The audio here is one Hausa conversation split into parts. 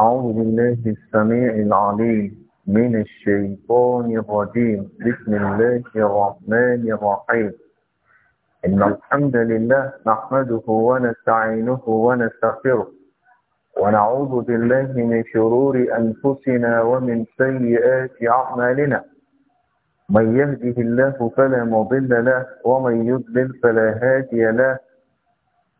أعوذ بالله السميع العليم من الشيطان الرجيم بسم الله الرحمن الرحيم إن الحمد لله نحمده ونستعينه ونستغفره ونعوذ بالله من شرور أنفسنا ومن سيئات أعمالنا من يهده الله فلا مضل له ومن يضلل فلا هادي له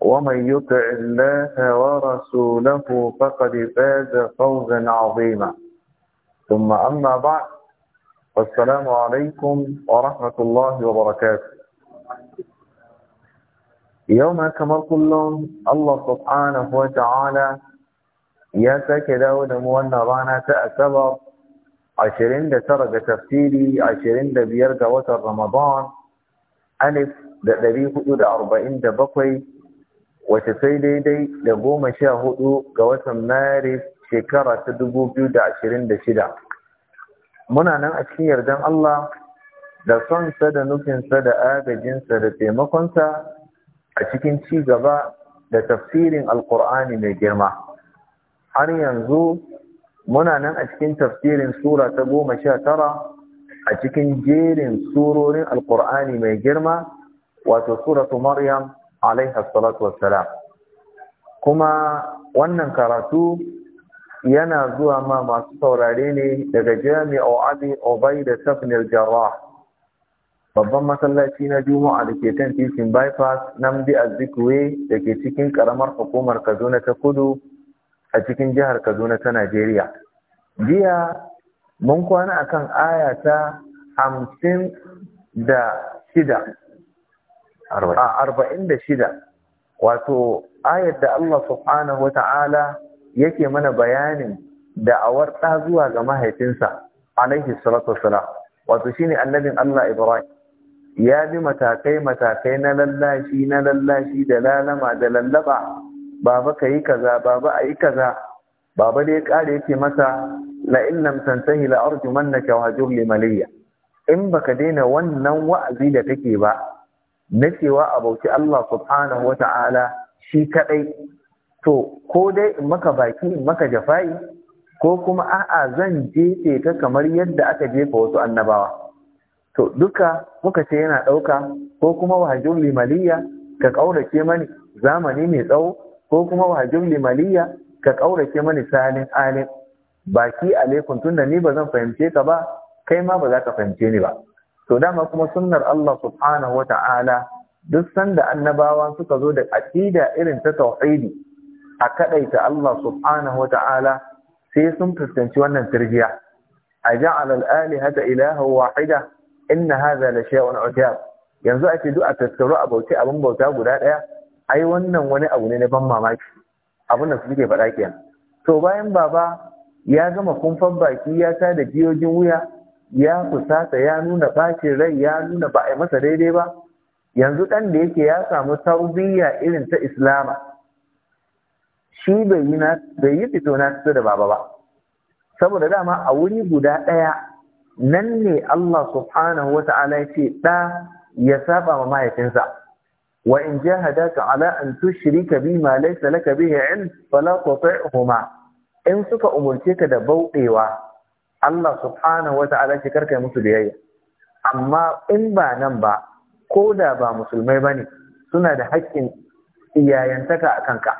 ومن يطع الله ورسوله فقد فاز فوزا عظيما ثم أما بعد والسلام عليكم ورحمة الله وبركاته يوم كما قلنا الله سبحانه وتعالى يا ساكي داود موانا رانا تأسبب عشرين لترجة تفسيري عشرين لبيرجة وتر رمضان ألف دا دريه دا أربعين دا Wace sai daidai da goma sha hudu ga watan maris shekara ta dubu biyu da ashirin da shida muna nan a cikin yardan Allah da sonsa da nufinsa da agajinsa da taimakonsa a cikin ci gaba da tafsirin alkur'ani mai girma har yanzu muna nan a cikin tafsirin sura ta goma sha tara a cikin jerin surorin alkur'ani mai girma wato suratu maryam alaihi salatu wassalam kuma wannan karatu yana zuwa ma masu saurare ne daga jami'a abi obai da tafnil jarrah babban masallaci na juma'a da ke kan titin bypass namdi azikwe da ke cikin karamar hukumar kaduna ta kudu a cikin jihar kaduna ta najeriya jiya mun kwana akan aya ta hamsin da shida arba'in da shida wato ayar da Allah subhanahu ta'ala yake mana bayanin da'awar ɗa zuwa ga mahaifinsa alaihi salatu wasalam wato shine annabin Allah Ibrahim ya bi matakai matakai na lallashi na lallashi da lalama da lallaba baba ka yi kaza baba a yi kaza baba dai kare yake masa la in lam tantahi la arjumannaka wa hajurli maliya in baka daina wannan wa'azi da kake ba na cewa a bauci Allah subhanahu wata'ala shi kaɗai to ko dai in maka baki in maka jafa'i ko kuma a'a zan jefe ta kamar yadda aka jefa wasu annabawa to duka muka ce yana ɗauka ko kuma wahajun limaliya ka ƙaurace mani zamani mai tsawo ko kuma wahajun limaliya ka ƙaurace mani salin alin baki alaikum tunda ni ba zan fahimce ka ba kai ma ba za ka fahimce ni ba to dama kuma sunnar Allah subhanahu wata'ala duk sanda annabawa suka zo da aqida irin ta tauhidi a kadaita Allah subhanahu wata'ala sai sun fuskanci wannan tirjiya a ja'ala al-alihata ilaha wahida inna hadha la shay'un ujab yanzu ake duk a tattaru a bauci abin bauta guda daya ai wannan wani abu ne na ban mamaki abin da suke faɗa kenan to bayan baba ya gama kumfan baki ya ta da jiyojin wuya ya fusata ya nuna bacin rai ya nuna ba a yi masa daidai ba yanzu ɗan da yake ya samu tarbiyya irin ta islama shi bai yi fito na fito da baba ba saboda dama a wuri guda ɗaya nan ne Allah subhanahu wa ta'ala ya ce ɗa ya saba ma mahaifinsa wa in jahadaka ala an tushrika ma laysa laka bihi ilm fala tuti'huma in suka umurce ka da bauɗewa Allah subhanahu wa ta'ala ce karkai musu biyayya amma in ba nan ba ko da ba musulmai bane suna da haƙƙin iyayantaka a kanka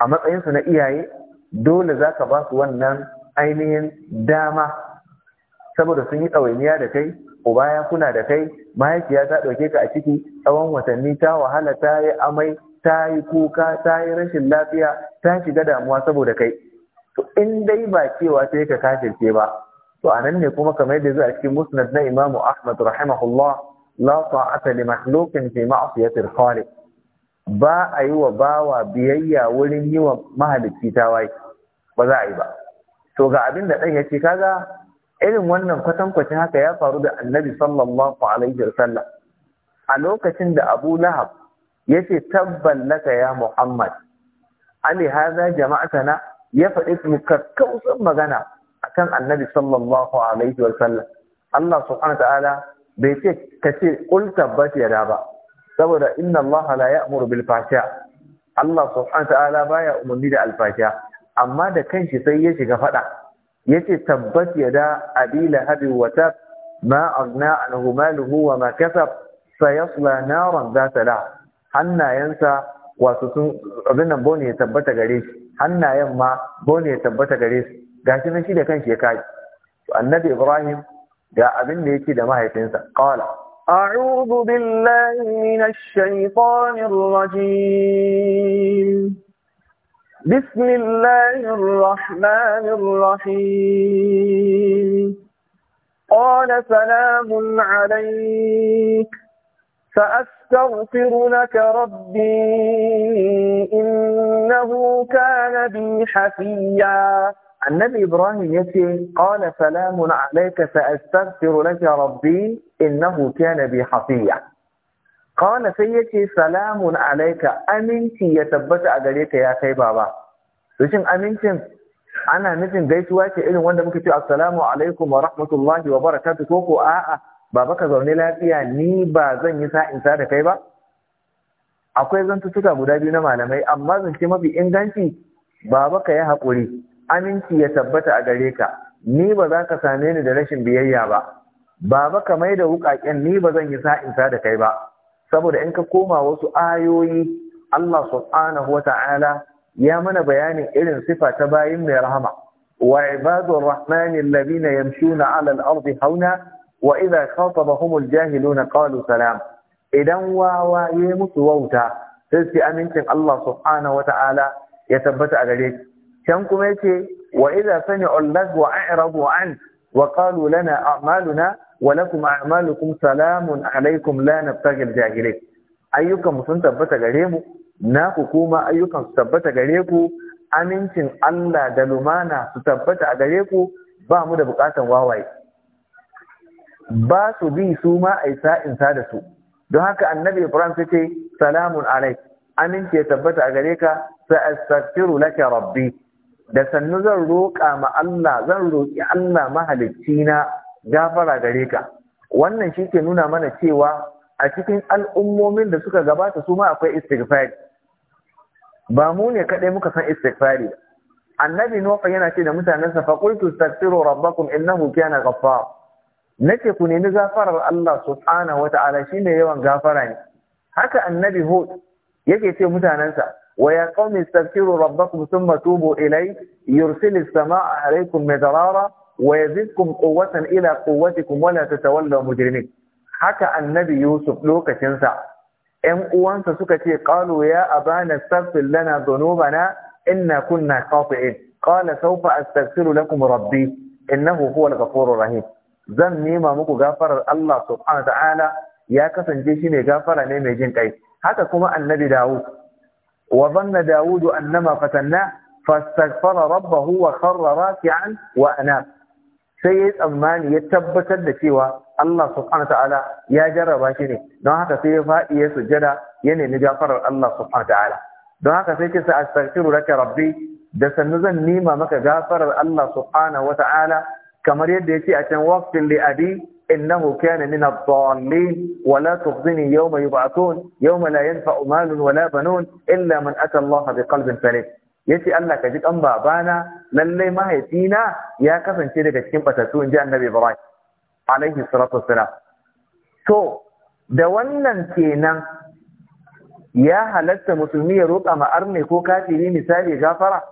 a matsayinsu na iyaye dole za ka ba su wannan ainihin dama saboda sun yi ɗawainiya da kai uba ya kuna da kai mahaifiya ta ɗauke ka a ciki tsawon watanni ta wahala ta yi amai ta yi kuka ta yi rashin lafiya ta shiga damuwa saboda kai to in dai ba cewa sai ka kafirce ba to anan ne kuma kamar yadda zuwa a cikin musnad na Imam Ahmad rahimahullah la ta'ata li makhluqin fi ma'siyati al-khaliq ba a yi wa bawa biyayya wurin yi wa mahalicci tawaye ba za a yi ba to ga abin da dan yace kaga irin wannan kwatankwacin haka ya faru da annabi sallallahu alaihi wasallam a lokacin da Abu Lahab yace tabban laka ya Muhammad ali hadha jama'atana ya faɗi su kakkausan magana akan annabi sallallahu alaihi wa sallam Allah subhanahu wa ta'ala bai ce ka ce kul tabbat ba saboda inna Allah la ya'muru bil fahsha Allah subhanahu wa ta'ala baya umarni da alfasha amma da kanshi sai ya shiga faɗa yace tabbat da abi lahabi wa tab ma aghna anhu maluhu wa ma kasab sayasla naran zata la hannayensa wato sun abin nan bone ya tabbata gare shi hannayen ma dole ya tabbata gare su gashi nan shi da kanshi ya kai annabi ibrahim ga abin da yake da mahaifinsa qala a'udhu billahi minash shaitanir rajim bismillahir rahmanir rahim qala salamun alayk sa'as أستغفر لك ربي إنه كان بي حفيا النبي إبراهيم يتي قال سلام عليك سأستغفر لك ربي إنه كان بي حفيا قال سيتي سلام عليك أمنتي يتبت أجريك يا كي بابا لكن أمنتي أنا nufin gaisuwa واتي irin wanda ممكن ce assalamu alaikum wa rahmatullahi wa barakatuh ko baba ka zaune lafiya ni ba zan yi sa'insa da kai ba akwai zantuttuka guda biyu na malamai amma zance mafi inganci baba ka yi haƙuri aminci ya tabbata a gare ka ni ba za ka same ni da rashin biyayya ba baba ka mai da wuƙaƙen ni ba zan yi sa'insa da kai ba saboda in ka koma wasu ayoyi Allah subhanahu wa ta'ala ya mana bayanin irin sifa ta bayin mai rahama wa ibadur rahmanil ladina yamshuna 'alal ardi hauna wa idza khatabahumul jahiluna qalu salam idan wawa musu wauta sai su amincin Allah subhanahu wata'ala ya tabbata a gare can kuma yace wa idza sami'u lagwa a'radu an wa qalu lana a'maluna wa lakum a'malukum salamun alaikum la nabtaghi al ayyukan mu sun tabbata gare mu na ku kuma ayyukan su tabbata gare ku amincin Allah da lumana su tabbata a gare ku ba mu da bukatan wawaye ba su bi su ma a sa'in sa da su don haka annabi ibrahim su ce salamun alai, amince ya tabbata a gare ka sa'astaghfiru laka rabbi da sannu zan roƙa ma Allah zan roƙi Allah mahalicci na gafara gare ka wannan shi ke nuna mana cewa a cikin al'ummomin da suka gabata su ma akwai istighfari ba mu ne kaɗai muka san istighfari annabi Nuhu yana ce da mutanensa faqultu astaghfiru rabbakum innahu kana ghaffar nace ku nemi gafarar Allah subhanahu wata'ala shine yawan gafara ne haka annabi hud yake ce mutanansa wa ya qaumi istaghfiru rabbakum thumma tubu ilayhi yursilis samaa alaykum midrara wa yazidkum quwwatan ila quwwatikum wa la tatawallaw mujrimin haka annabi yusuf lokacin sa ƴan uwansa suka ce qalu ya abana astaghfir lana dhunubana inna kunna khati'in qala sawfa astaghfiru lakum rabbi innahu huwal ghafurur rahim zan nema muku gafarar Allah subhanahu ta'ala ya kasance shi ne gafara ne mai jin kai haka kuma annabi Dawud wa zanna Dawud annama fatanna fastaghfara rabbahu wa kharra wa ana. sai ya tsammani ya tabbatar da cewa Allah subhanahu ta'ala ya jarraba shi ne don haka sai ya faɗi ya sujjada ya nemi gafarar Allah subhanahu ta'ala don haka sai ce sa astaghfiru raka rabbi da sannu zan nema maka gafarar Allah subhanahu wa ta'ala kamar yadda yake a can waqtin li abi innahu kana min ad-dallin wa la tukhzini yawma yub'athun yawma la yanfa'u malun wa la banun illa man ata Allah bi qalbin salim yace Allah ka ji kan babana lalle mahaifina ya kasance daga cikin batattu inji annabi Ibrahim alaihi salatu wassalam to da wannan kenan ya halatta musulmi ya roƙa ma arne ko kafiri misali gafara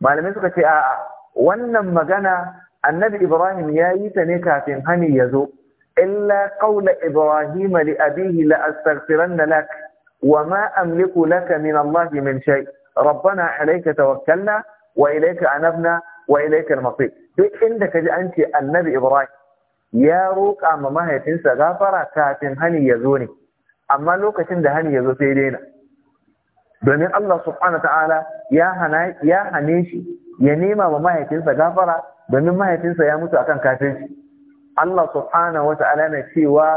malamai suka ce a'a wannan magana annabi ibrahim ya yi ta ne kafin hani ya zo illa qawla ibrahim li abihi la astaghfiranna lak wa ma amliku laka min allah min shay rabbana alayka tawakkalna wa ilayka anabna wa duk inda ji an ce annabi ibrahim ya roƙa ma mahaifinsa gafara kafin hani ya zo ne amma lokacin da hani ya zo sai daina domin Allah subhanahu ta'ala ya hane shi ya nema ma mahaifinsa gafara domin mahaifinsa ya mutu akan kafinci Allah subhanahu wata'ala na cewa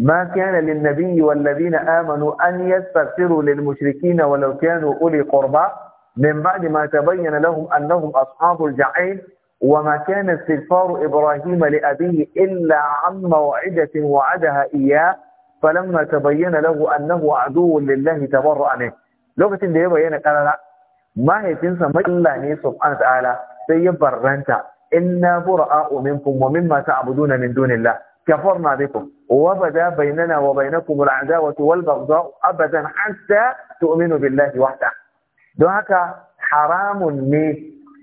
ma kana lin nabiyyi wal ladina amanu an yastaghfiru lil mushrikeena walau kanu uli qurba min ba'di ma tabayyana lahum annahum ashabul ja'in wa ma kana istighfar ibrahim li إبراهيم illa إلا عن wa'adaha iya falamma tabayyana lahu annahu adu lillah tabarra min lokacin da ya bayyana قال mahaifinsa ما Allah ne subhanahu wata'ala sai ya barranta inna bura'a'u minkum wa mimma ta'buduna min dunillah كفرنا بكم وبدا بيننا وبينكم العداوة والبغضاء أبدا حتى تؤمنوا بالله وحده don haka haramun ne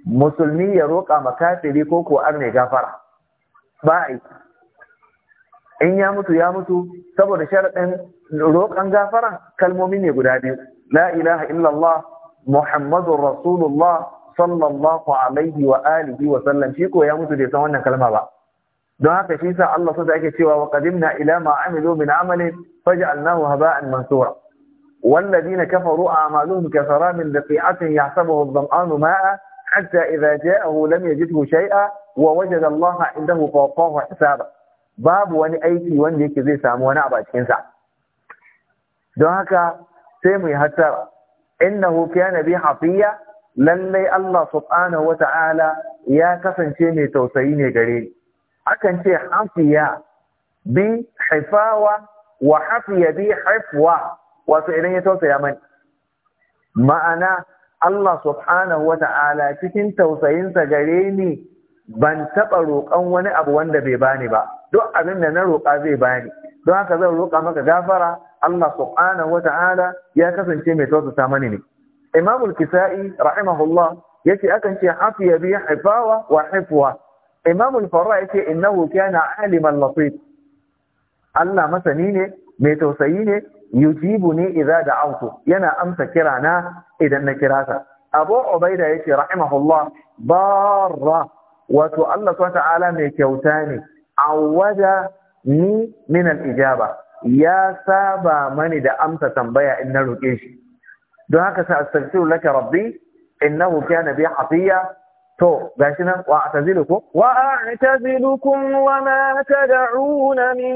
musulmi ya roƙa makafiri ko ko arne gafara ba in ya mutu ya mutu saboda sharaɗin roƙan gafara kalmomi ne guda biyu la ilaha illallah muhammadun rasulullah sallallahu alaihi wa wa sallam shi ko ya mutu da san wannan kalma ba don haka shi sa Allah sai ake cewa wa kadim na ila ma amilu min amalin faj'alnahu haba'an mansura والذين كفروا أعمالهم كسراب بقيعة يحسبه الظمآن ماء حتى إذا جاءه لم يجده شيئا ووجد الله عنده فوقاه حسابا باب wani aiki wanda yake zai samu wani abu a cikin sa don haka sai mu hattara innahu kana bi hafiya lallai Allah subhanahu wa ta'ala ya kasance mai tausayi ne gare ni. Akan ce hafiya bi haifawa wa hafiya bi haifuwa wasu idan ya tausaya mani. Ma'ana Allah subhanahu wa ta'ala cikin tausayinsa gare ni ban taɓa roƙon wani abu wanda bai bani ba, duk abin da na roƙa zai bani. Don haka zan roƙa maka gafara Allah subhanahu wa ta'ala ya kasance mai tausasa mani ne. Imam al-Kisa'i rahimahullah yace akan ce hafiya bi hifawa wa hifwa. Imam al-Farra yace innahu kana aliman latif. Allah masani ne, mai tausayi ne, yujibu ne idza da'awtu. Yana amsa kira na idan na kira sa. Abu Ubaida yace rahimahullah barra wato Allah subhanahu ta'ala mai kyauta ne. Awwada ni min al-ijaba. Ya saba mani da amsa tambaya in na roƙe shi. دعاك سأستغفر لك ربي إنه كان بي حفية تو باشنا وأعتزلكم وأعتزلكم وما تدعون من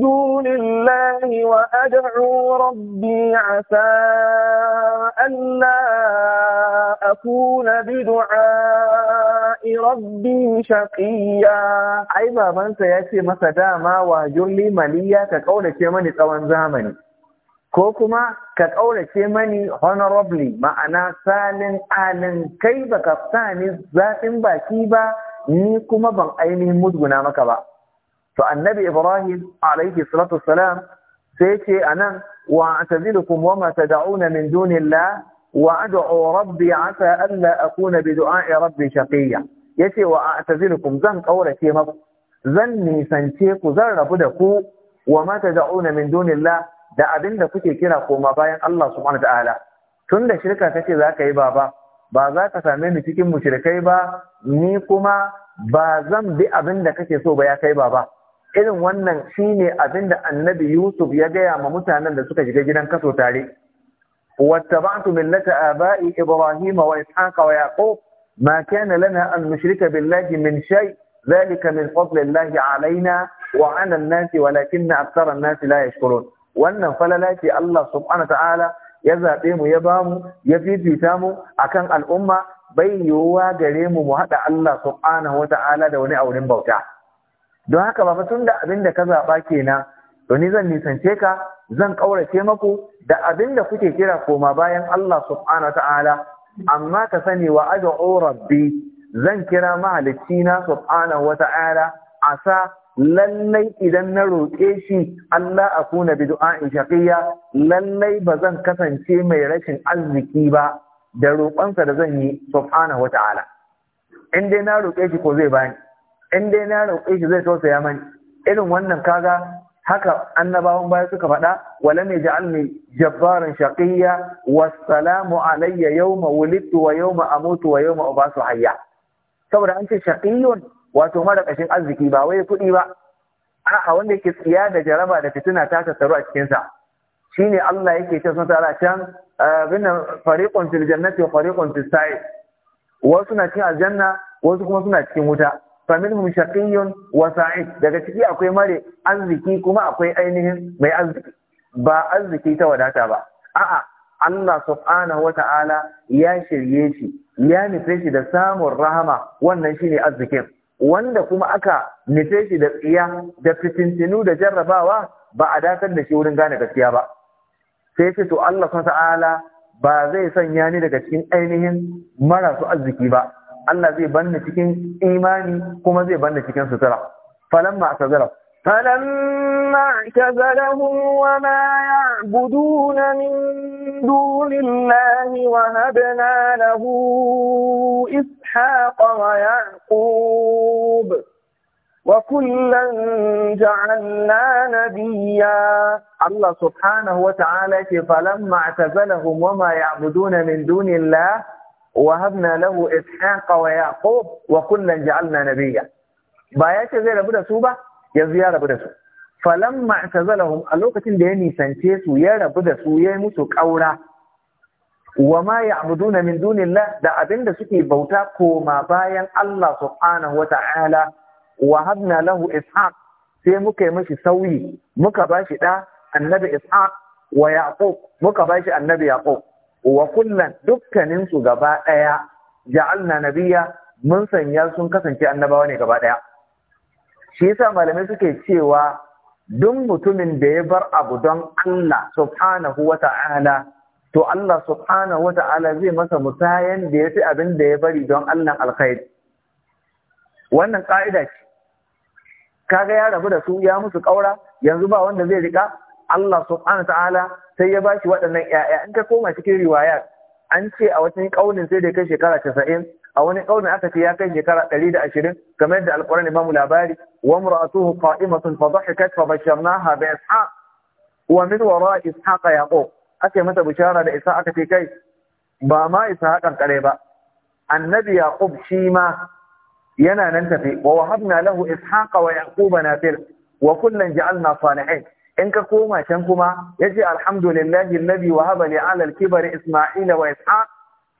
دون الله وأدعو ربي عسى ألا أكون بدعاء ربي شقيا أي من سيأتي مسجاما وجل لي مليا تقول كمان طوان زامني ko kuma ka ƙaurace mani honorably ma'ana salin alin kai ba ka ni zafin baki ba ni kuma ban ainihin musguna maka ba to annabi ibrahim alaihi salatu salam sai ce anan wa atazilukum wa ma tad'una min dunillah wa ad'u rabbi asa alla akuna bi du'a'i rabbi shaqiya yace wa atazilukum zan ƙaurace maku zan nisance ku zan rabu da ku wa ma tad'una min dunillah da abinda kuke kira koma bayan Allah subhanahu ta'ala tunda shirka kace zaka yi baba ba za ka same ni cikin mushrikai ba ni kuma ba zan bi abinda kake so ba ya kai baba irin wannan shine abinda annabi Yusuf ya gaya ma mutanen da suka shiga gidan kaso tare wattaba'tu millata aba'i Ibrahim wa Ishaq wa Yaqub ma kana lana an nushrika billahi min shay ذلك من فضل الله علينا وعلى الناس ولكن أكثر الناس لا يشكرون wannan falala ke Allah subhanahu ta'ala ya zaɓe mu ya bamu ya fifita mu akan al'umma bai yiwuwa gare mu mu haɗa Allah subhanahu ta'ala da wani aurin bauta don haka ba tun da abin da ka zaɓa kenan to ni zan nisance ka zan ƙaurace maku da abin da kuke kira koma bayan Allah subhanahu ta'ala amma ka sani wa ad'u rabbi zan kira mahalicci na subhanahu wata'ala asa lallai idan na roƙe shi Allah a kuna bi in shaqiyya lallai ba zan kasance mai rashin arziki ba da roƙonsa da zan yi subhanahu wata'ala in dai na roƙe shi ko zai bani in dai na roƙe shi zai tausaya mani irin wannan kaga haka annabawan baya suka faɗa walam yaj'alni jabbarin shaqiyya wassalamu alayya yawma wulidtu wa yawma amutu wa yawma ubasu hayya saboda an ce shaqiyyun wato mara ƙashin arziki ba wai kuɗi ba a'a wanda yake tsiya da jaraba da fitina ta tattaru a cikin sa shine Allah yake ce sun tsara can ah, bin fariqun fil jannati wa fariqun fis wasu na cikin aljanna wasu kuma suna cikin wuta fa minhum shaqiyyun wa daga ciki akwai mare arziki kuma akwai ainihin mai arziki ba arziki ta wadata ba a'a Allah subhanahu wata'ala ya shirye shi ya nufe shi da samun rahama wannan shine arzikin wanda kuma aka nufe shi da tsiya da fitintinu da jarrabawa ba a dakar da shi wurin gane gaskiya ba sai ce to Allah subhanahu ta'ala ba zai sanya ni daga cikin ainihin marasu arziki ba Allah zai bani cikin imani kuma zai bani cikin sutura falamma asazara فلما اعتزلهم وما يعبدون من دون الله وهبنا له إسحاق وإسحاق ويعقوب وكلا جعلنا نبيا الله سبحانه وتعالى فلما اعتزلهم وما يعبدون من دون الله وهبنا له إسحاق ويعقوب وكلا جعلنا نبيا بايات زي ربنا سوبا يزيا ربنا سوبا falamma tazalahum a lokacin da ya nisance su ya rabu da su ya yi musu ƙaura wa ma ya'buduna min dunillah da abinda suke bauta koma bayan Allah subhanahu wa ta'ala wa habna lahu ishaq sai muka yi mashi sauyi muka bashi da annabi ishaq wa yaqub muka bashi annabi yaqub wa kullan dukkanin su gaba daya ja'alna nabiyya mun sanya sun kasance annabawa ne gaba daya shi yasa malamai suke cewa duk mutumin da ya bar abu don Allah subhanahu wa ta'ala to Allah subhanahu wata'ala zai masa musayan da ya fi abin da ya bari don Allah alkhairi wannan ka'ida ce kaga ya rabu da su ya musu ƙaura yanzu ba wanda zai rika Allah subhanahu ta'ala sai ya bashi waɗannan ƴaƴa in ka koma cikin riwaya an ce a wani ƙaunin sai da kai shekara casa'in a wani ƙaunin aka ce ya kai shekara ɗari da ashirin kamar yadda alƙur'ani ba mu labari wa mur'atuhu qa'imatun fa dhahikat fa basharnaha bi ishaq wa min wara ishaqa yaqub ake mata bishara da isa aka ce kai ba ma isa hakan kare ba annabi yaqub shi ma yana nan tafi wa wahabna lahu ishaqa wa yaquba nafil wa kullan ja'alna salihin in ka koma can kuma yace alhamdulillahi alladhi wahaba li 'ala al isma'ila wa ishaq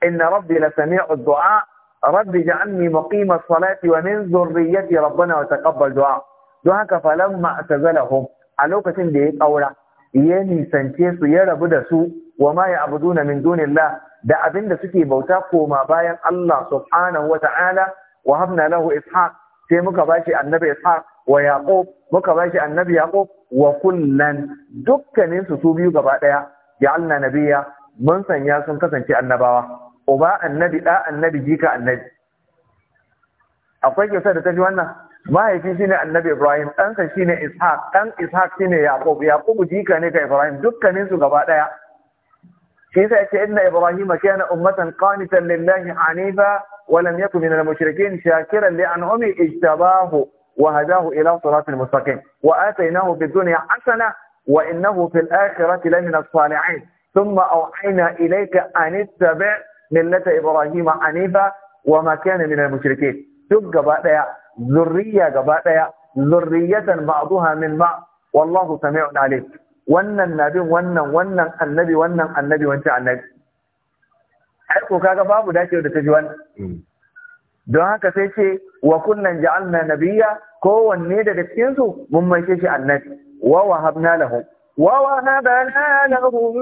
inna rabbi lasami'u ad-du'a rabbi ja'alni muqima as-salati wa min dhurriyyati rabbana wa taqabbal du'a don haka falamma atazalahum a lokacin da ya kaura ya nisance su ya rabu da su wa ma ya'buduna min dunillah da abin da suke bauta koma bayan Allah subhanahu wa ta'ala wa habna lahu ishaq sai muka bashi annabi ishaq wa yaqub muka bashi annabi yaqub wa kullan dukkanin su su biyu gaba daya ja'alna nabiyya mun sanya sun kasance annabawa uba annabi da annabi jika annabi akwai kisa da ta ji wannan mahaifi shine annabi ibrahim ɗansa shine ishaq ɗan ishaq shine yaqub yaqub jika ne ga ibrahim dukkanin su gaba ɗaya shi yasa yace inna ibrahim kana ummatan qanitan lillahi hanifa wa lam yakun minal mushrikeen shakiran li an'ami ijtabahu wa hadahu ila siratil mustaqim wa atainahu fid dunya hasana wa innahu fil akhirati lamina salihin ثم أوحينا إليك أن اتبع ملة إبراهيم عنيفا وما كان من المشركين duk gaba ɗaya zurriya gaba daya zurriyatan ba'daha min ba wallahu sami'un alim wannan nabin wannan wannan annabi wannan annabi wancan annabi ai ko kaga babu dace da taji wannan mm. don haka sai ce wa kullan ja'alna nabiyya kowanne daga cikin su mun maishe shi annabi wa wahabna lahu وَوَهَبْنَا لَهُم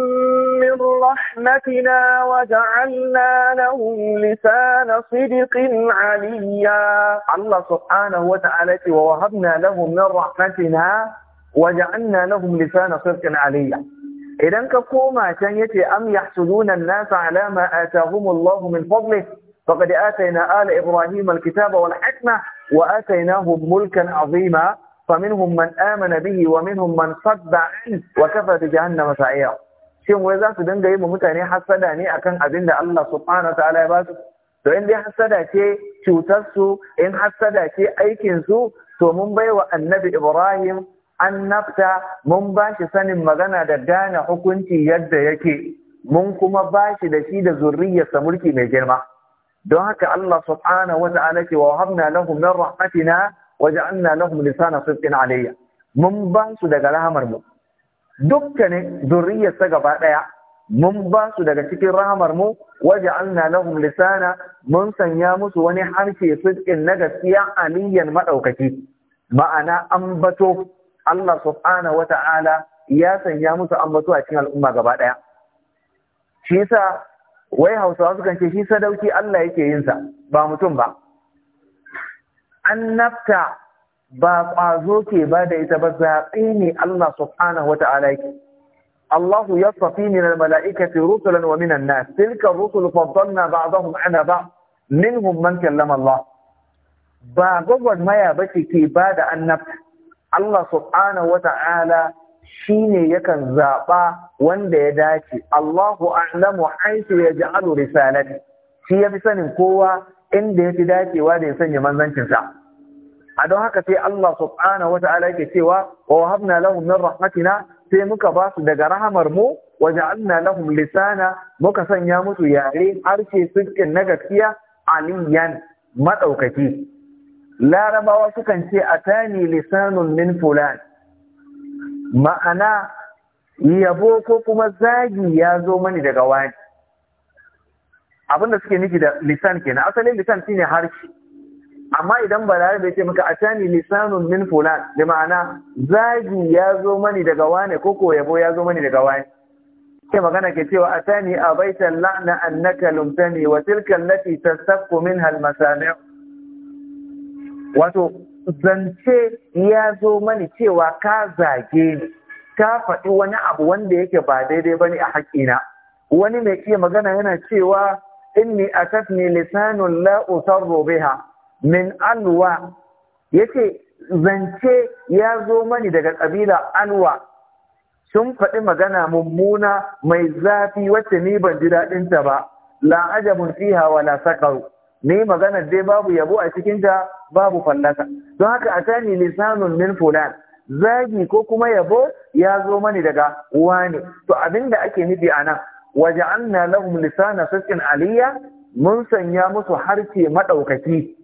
مِّن رَّحْمَتِنَا وَجَعَلْنَا لَهُمْ لِسَانَ صِدْقٍ عَلِيًّا الله سبحانه وتعالى وَوَهَبْنَا لَهُم مِّن رَّحْمَتِنَا وَجَعَلْنَا لَهُمْ لِسَانَ صِدْقٍ عَلِيًّا إِذًا كَقُومَا كَانَ يَتِي أَم يَحْسُدُونَ النَّاسَ عَلَى مَا آتَاهُمُ اللَّهُ مِن فَضْلِهِ فَقَدْ آتَيْنَا آلَ إِبْرَاهِيمَ الْكِتَابَ وَالْحِكْمَةَ وَآتَيْنَاهُمْ مُلْكًا عَظِيمًا فمنهم من آمن به ومنهم من صد عنه وكفى بجهنم سعيرا shin wai za su dinga yi wa mutane hasada ne akan abin da Allah subhanahu ta'ala ya ba su to in dai hasada ce cutar su in hasada ce aikin su to mun bai wa annabi Ibrahim annabta mun ba shi sanin magana da gane hukunci yadda yake mun kuma ba shi da shi da zurriyarsa mulki mai girma don haka Allah subhanahu wa ta'ala ce wa habna lahum min rahmatina waja'alna lahum lisana sidqin alayya mun ba su daga rahamar mu dukkanin zurriyar ta gaba daya mun ba su daga cikin rahamar mu waja'alna lahum lisana mun sanya musu wani harshe sidqin na gaskiya aliyan maɗaukaki, ma'ana ambato Allah subhanahu wata'ala ya sanya musu ambato a cikin al'umma gaba daya shi yasa wai Hausawa sukan ce shi sadauki Allah yake yin sa ba mutum ba annabta ba ƙwazo ke ba da ita ba zaɓe ne Allah subhanahu wa ta'ala yake ya safi min al-mala'ikati rusulan wa minan nas tilka rusul faddalna ba'dahum ala ba minhum man kallama ba gwagwarmaya ba ce ke ba da annabta Allah subhanahu wa ta'ala shi ne yakan zaɓa wanda ya dace, Allahu a'lamu haisu ya ji alu risalati, shi ya fi sanin kowa inda ya fi dacewa da ya sanya manzancinsa. a don haka sai Allah subhanahu wata'ala yake cewa wa wahabna lahum min rahmatina sai muka ba su daga rahamar mu wa ja'alna lahum lisana muka sanya musu yare harshe sukin na gaskiya aliyan madaukaki larabawa sukan ce atani lisanun min fulan ma'ana yabo ko kuma zagi ya zo mani daga wani abinda suke nufi da lisan kenan asalin lisan shine harshe amma idan bai ce maka atani lisanun min fulan da ma'ana zagi ya zo mani daga wane ko ko yabo ya zo mani daga wane ke magana ke cewa atani abaita la'na annaka lumtani wa tilka allati tasaqqu minha almasami' wato zance ya zo mani cewa ka zage ni ka faɗi wani abu wanda yake ba daidai bane a haƙina wani mai iya magana yana cewa inni atafni lisanun la usarru biha min alwa yace zance ya zo mani daga ƙabila alwa sun faɗi magana mummuna mai zafi wacce ni ban ji daɗinta ba la ajabun fiha la saqaru ni magana dai babu yabo a cikin ta babu fallaka. don haka atani lisanun min fulan zagi ko kuma yabo ya zo mani daga wani to abinda ake nufi anan na lahum lisana sasƙin aliyya mun sanya musu harce madaukaki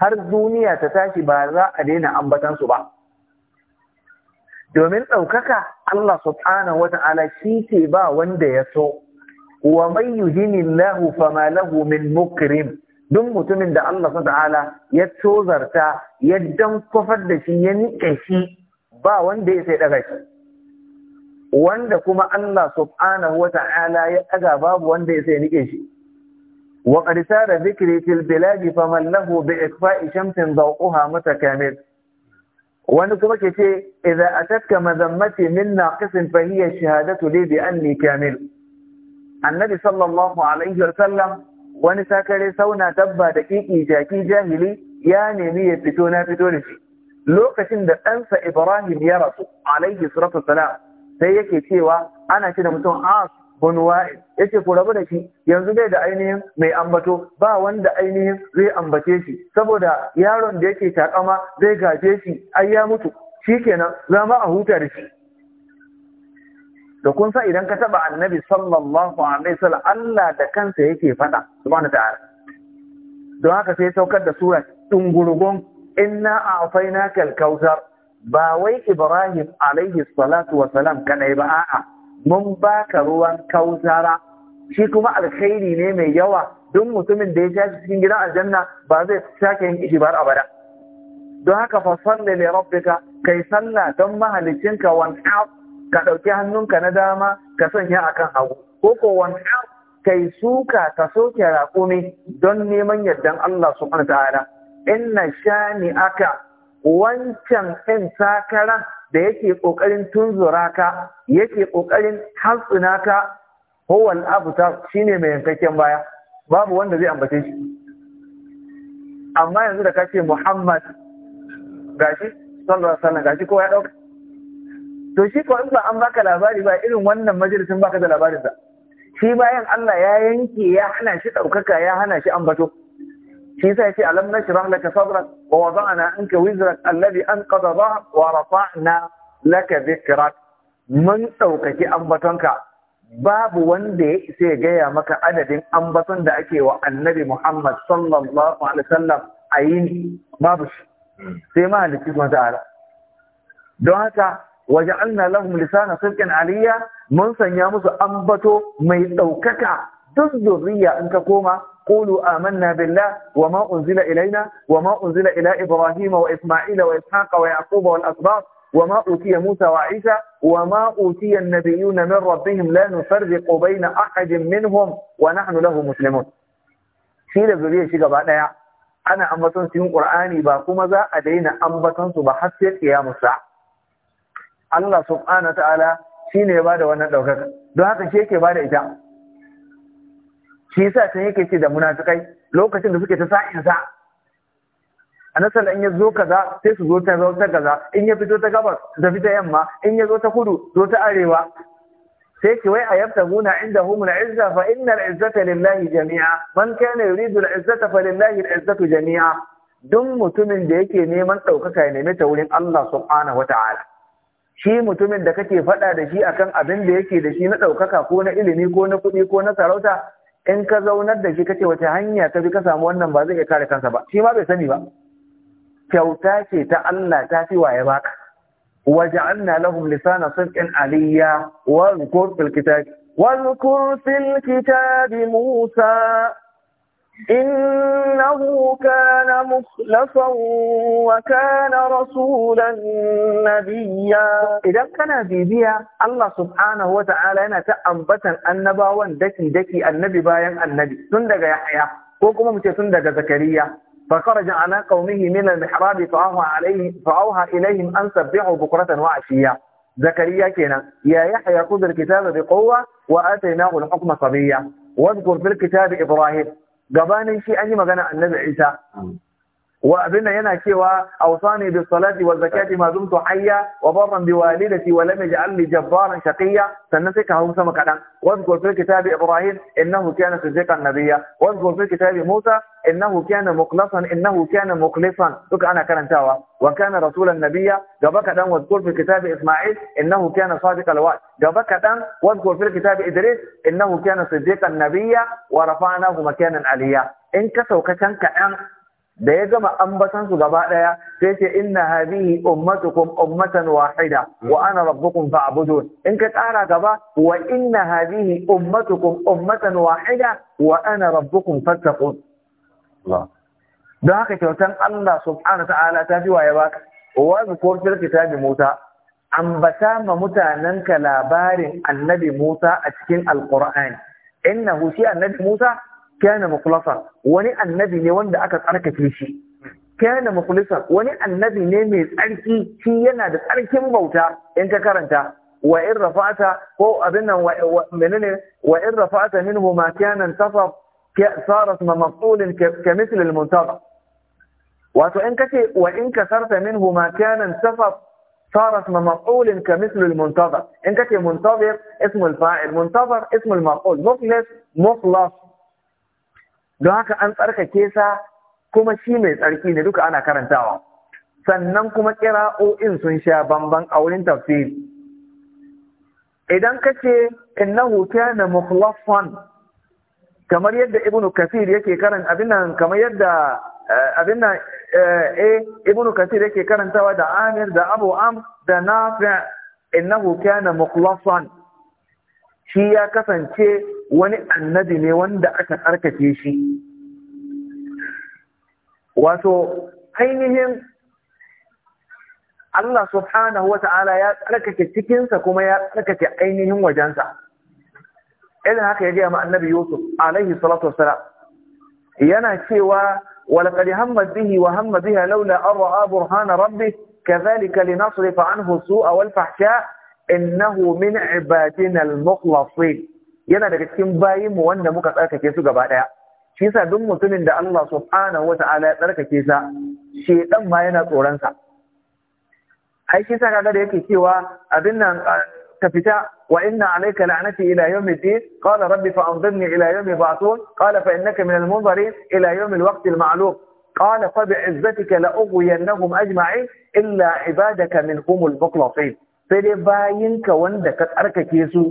har duniya ta tashi ba za a daina su ba domin ɗaukaka Allah subhanahu wa ta'ala shi ce ba wanda ya so wa mai yuhini lahu fama lahu min mukrim duk mutumin da Allah subhanahu ta'ala ya tozarta ya dankofar da shi ya niƙe shi ba wanda ya sai ɗaga shi wanda kuma Allah subhanahu wa ta'ala ya ɗaga babu wanda ya sai niƙe shi وقد سار ذكري في البلاد فمن له بإطفاء شمس ضوءها متكامل ونكمك شيء إذا أتتك مذمتي من ناقص فهي الشهادة لي بأني كامل النبي صلى الله عليه وسلم ونساكري سونا تبا دقيقي جاكي جاهلي يا نبي فتونا فتونشي lokacin da ɗansa Ibrahim ya rasu alaihi salatu salam sai yake cewa ana ce da mutum As wani wa'id yace ku rabu da shi yanzu dai da ainihin mai ambato ba wanda ainihin zai ambace shi saboda yaron da yake takama zai gaje shi ai ya mutu shikenan za ma a huta da shi da kun sa idan ka taba annabi sallallahu alaihi wasallam Allah da kansa yake fada subhanahu ta'ala don haka sai saukar da sura dungurgun inna a afaina kautsar ba wai Ibrahim alaihi salatu kadai ba a'a mun baka ruwan kausara shi kuma alkhairi ne mai yawa duk mutumin da ya tashi cikin gidan aljanna ba zai sake yin ishi bar abada don haka fa salli li rabbika kai sallah don mahalicinka wan ka dauki hannunka na dama ka sanya akan hagu ko ko wan kai suka ka soke raƙumi don neman yardan Allah subhanahu ta'ala inna shani aka wancan in sakaran da yake ƙoƙarin tunzura ka yake ƙoƙarin hatsina ka huwal abuta shine mai yankakken baya babu wanda zai ambace shi amma yanzu da kace Muhammad gashi sallallahu alaihi wasallam gashi kowa ya dauka to shi ko in ba an baka labari ba irin wannan majalisin baka da labarin sa shi bayan Allah ya yanke ya hana shi daukaka ya hana shi ambato shi yasa ce alam nashrah laka sadrak wa wada'na anka wizrak alladhi anqadha dhahrak wa rafa'na laka dhikrak mun ɗaukaki ambatonka babu wanda ya isa ya gaya maka adadin ambaton da ake wa annabi Muhammad sallallahu alaihi wasallam a yini babu shi hmm. sai ma halitti kuma ta'ala don haka waja'alna lahum lisana sirqan aliyya mun sanya musu ambato mai ɗaukaka duk zurriya in ka koma قولوا آمنا بالله وما أنزل إلينا وما أنزل إلى إبراهيم وإسماعيل وإسحاق ويعقوب والأسباط وما أوتي موسى وعيسى وما أوتي النبيون من ربهم لا نفرق بين أحد منهم ونحن له مسلمون shi da zuriya shi gaba ɗaya ana ambaton su yin ba kuma za a daina ambaton ba har sai kiyamusa Allah subhanahu wa ta'ala shine ya bada wannan don haka shi yake bada ita shi yasa ta yake ce da munafikai lokacin da suke ta sa'in sa anasal in ya zo kaza sai su zo ta zo ta kaza in ya fito ta gabas da fita yamma in ya zo ta kudu zo ta arewa sai ce wai a yabta guna inda humul izza fa innal izzata lillahi jami'a man kana yuridu al izzata fa lillahi al jami'a duk mutumin da yake neman ɗaukaka ya nemi ta wurin Allah subhanahu wata'ala shi mutumin da kake faɗa da shi akan abin da yake da shi na ɗaukaka ko na ilimi ko na kuɗi ko na sarauta in ka zaunar da shi ce wace hanya ka fi ka samu wannan ba zai iya kare kansa ba shi ma bai sani ba kyauta ce ta Allah ta fi waye baka waja'alna lahum lisana sidqin aliyya wa dhkur fil واذكر في الكتاب إنه كان مخلصا وكان rasulan نبيا Idan kana بيبيا Allah سبحانه وتعالى yana ta ambatan annabawan dakin daki annabi bayan annabi tun daga Yahya ko kuma mu ce tun daga Zakariya fa kharaja ala qaumihi min al-mihrab an sabbihu bukratan wa Zakariya kenan ya Yahya khudh al-kitaba biquwwa wa atainahu al-hukma sabiyya واذكر في الكتاب إبراهيم gabanin shi an yi magana annabi isa وابن ينا كيوا اوصاني بالصلاه والزكاه ما دمت حيا وبارا بوالدتي ولم يجعل لي جبارا شقيا سنفك هم سما كدا واذكر في كتاب ابراهيم انه كان صديقا نبيا واذكر في كتاب موسى انه كان مخلصا انه كان مخلصا دوك انا توا وكان رسولا نبيا جابك دان واذكر في كتاب اسماعيل انه كان صادق الوعد جابك دان واذكر في كتاب ادريس انه كان صديقا نبيا ورفعناه مكانا عليا ان كسوك كان كان da ya gama ambatan su gaba ɗaya, sai ce inna hadhihi ummatukum ummatan wahida wa ana rabbukum fa'budun in ka kara gaba wa inna hadhihi ummatukum ummatan wahida wa ana rabbukum fattaqun don haka kyautan Allah subhanahu ta'ala ta fi waye baka wa zukur fil kitabi Musa ambata ma mutanenka labarin annabi Musa a cikin alqur'ani innahu shi annabi Musa kana mukhlasa wani annabi ne wanda aka tsarkake shi kana mukhlasa wani annabi ne mai tsarki shi yana da tsarkin bauta in ka karanta wa in rafa'ata ko abin nan menene wa in rafa'ata minhu ma kana tasaf sarat mamqulin ka mithl al muntazam wato in kace wa in kasarta minhu ma kana tasaf صارت مفعول كمثل المنتظر ان كانت منتظر اسم الفاعل منتظر اسم المفعول مخلص مخلص don haka an tsarkake sa kuma shi mai tsarki ne duka ana karantawa sannan kuma ƙira'o'in sun sha bamban a wurin tafsir. idan ka ce innahu kana mukhlasan kamar yadda ibnu yake karan abin nan kamar yadda eh, abin nan eh, eh ibnu kasir yake karantawa da amir da abu am da nafi innahu kana mukhlasan shi ya kasance wani annabi ne wanda aka tsarkake shi wato ainihin Allah subhanahu wa ta'ala ya tsarkake cikinsa kuma ya tsarkake ainihin wajensa irin haka ya gaya ma annabi Yusuf alaihi salatu wassalam yana cewa bihi, هم به وهم بها لولا أن رأى rabbi kazalika كذلك لنصرف عنه السوء fahsha innahu min ibadina al-mukhlasin yana daga cikin bayin mu wanda muka tsarkake su gaba daya shi yasa duk mutumin da Allah subhanahu wata'ala ya tsarkake sa shedan ma yana tsoron sa ai shi yasa kaga da yake cewa abin nan ka fita wa inna alayka la'nati ila yawm al-din qala rabbi fa anzirni ila yawm yub'athun qala fa innaka min al-munzirin ila yawm al-waqt al-ma'lum قال فبعزتك لأغوينهم أجمعين إلا عبادك منهم المخلصين sai dai bayinka wanda ka tsarkake su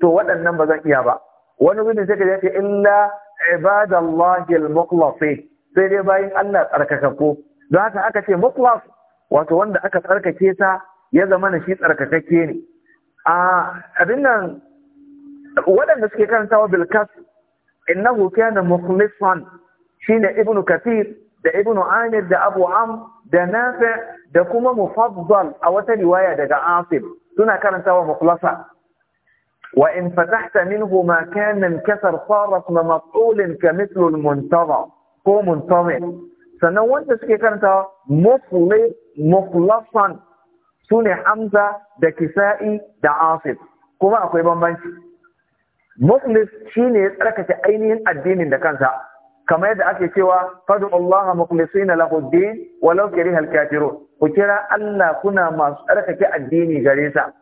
to waɗannan ba zan iya ba wani gudun sai ka ce illa ibadallahi al-mukhlasin sai dai bayin Allah tsarkakakko don haka aka ce mukhlas wato wanda aka tsarkake sa ya zama na shi tsarkakakke ne a abin nan waɗanda suke karantawa bilkas innahu kana mukhlisan shine ibnu kathir da ibnu amir da abu am da nafi da kuma mufaddal a wata riwaya daga asib suna karantawa mukhlasa wa in fatahta minhu ma kana inkasar sara kuma maf'ul ka mithlu al ko muntazam sannan wanda suke karantawa mufli mukhlasan sune hamza da kisa'i da asib kuma akwai bambanci muflis shine ya tsarkake ainihin addinin da kansa kamar yadda ake cewa fadu Allah muklisi na lahuddin walau gari halkafiro ku kira Allah kuna masu tsarkake addini gare sa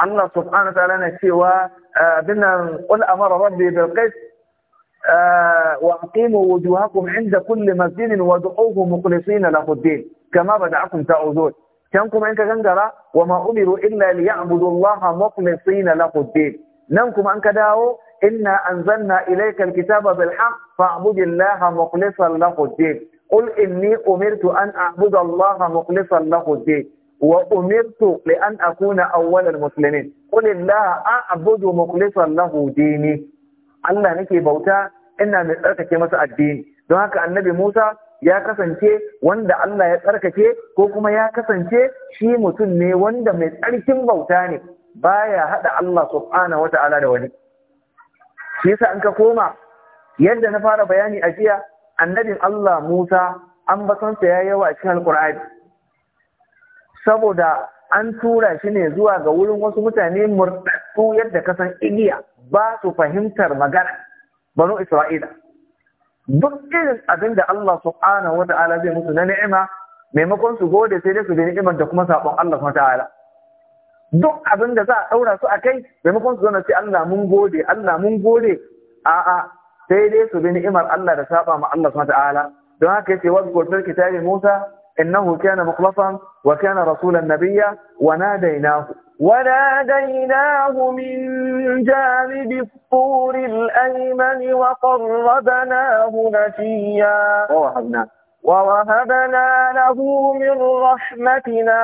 Allah subhanahu ta'ala na cewa ah, abin qul amara rabbi bil qist ah, wa aqimu wujuhakum inda kulli masjidin wa du'uhu muklisina lahuddin kama bada'akum ta'udun kan kuma in ka gangara wa ma umiru illa liya'budu Allah muklisina lahuddin nan kuma an ka dawo إنا أنزلنا إليك الكتاب بالحق فاعبد الله مخلصا له الدين قل إني أمرت أن أعبد الله مخلصا له الدين وأمرت لأن أكون أول المسلمين قل الله أعبد مخلصا له ديني Allah nake bauta ina mai tsarkake masa addini don haka annabi Musa ya kasance wanda Allah ya tsarkake ko kuma ya kasance shi mutum ne wanda mai tsarkin bauta ne baya hada Allah subhanahu wata'ala da wani shi yasa an ka koma yadda na fara bayani a jiya annabin Allah Musa an basansa ya yawa a cikin Alƙur'ani saboda an tura shi ne zuwa ga wurin wasu mutane murtattu yadda kasan igiya ba su fahimtar magana banu Isra'ila duk irin abin da Allah subhanahu wa ta'ala zai musu na ni'ima maimakon su gode sai dai su bi ni'imar da kuma sabon Allah subhanahu wa ta'ala duk abin da za a ɗaura su a kai maimakon su zauna ce Allah mun gode Allah mun gode a'a sai dai su bi ni'imar Allah da saba ma Allah subhanahu ta'ala don haka yace wa gurbar kitabi Musa innahu kana mukhlasan wa kana rasulan nabiyya wa nadainahu وناديناه من جانب الطور الأيمن وقربناه نجيا ووهبناه ووهبنا له من رحمتنا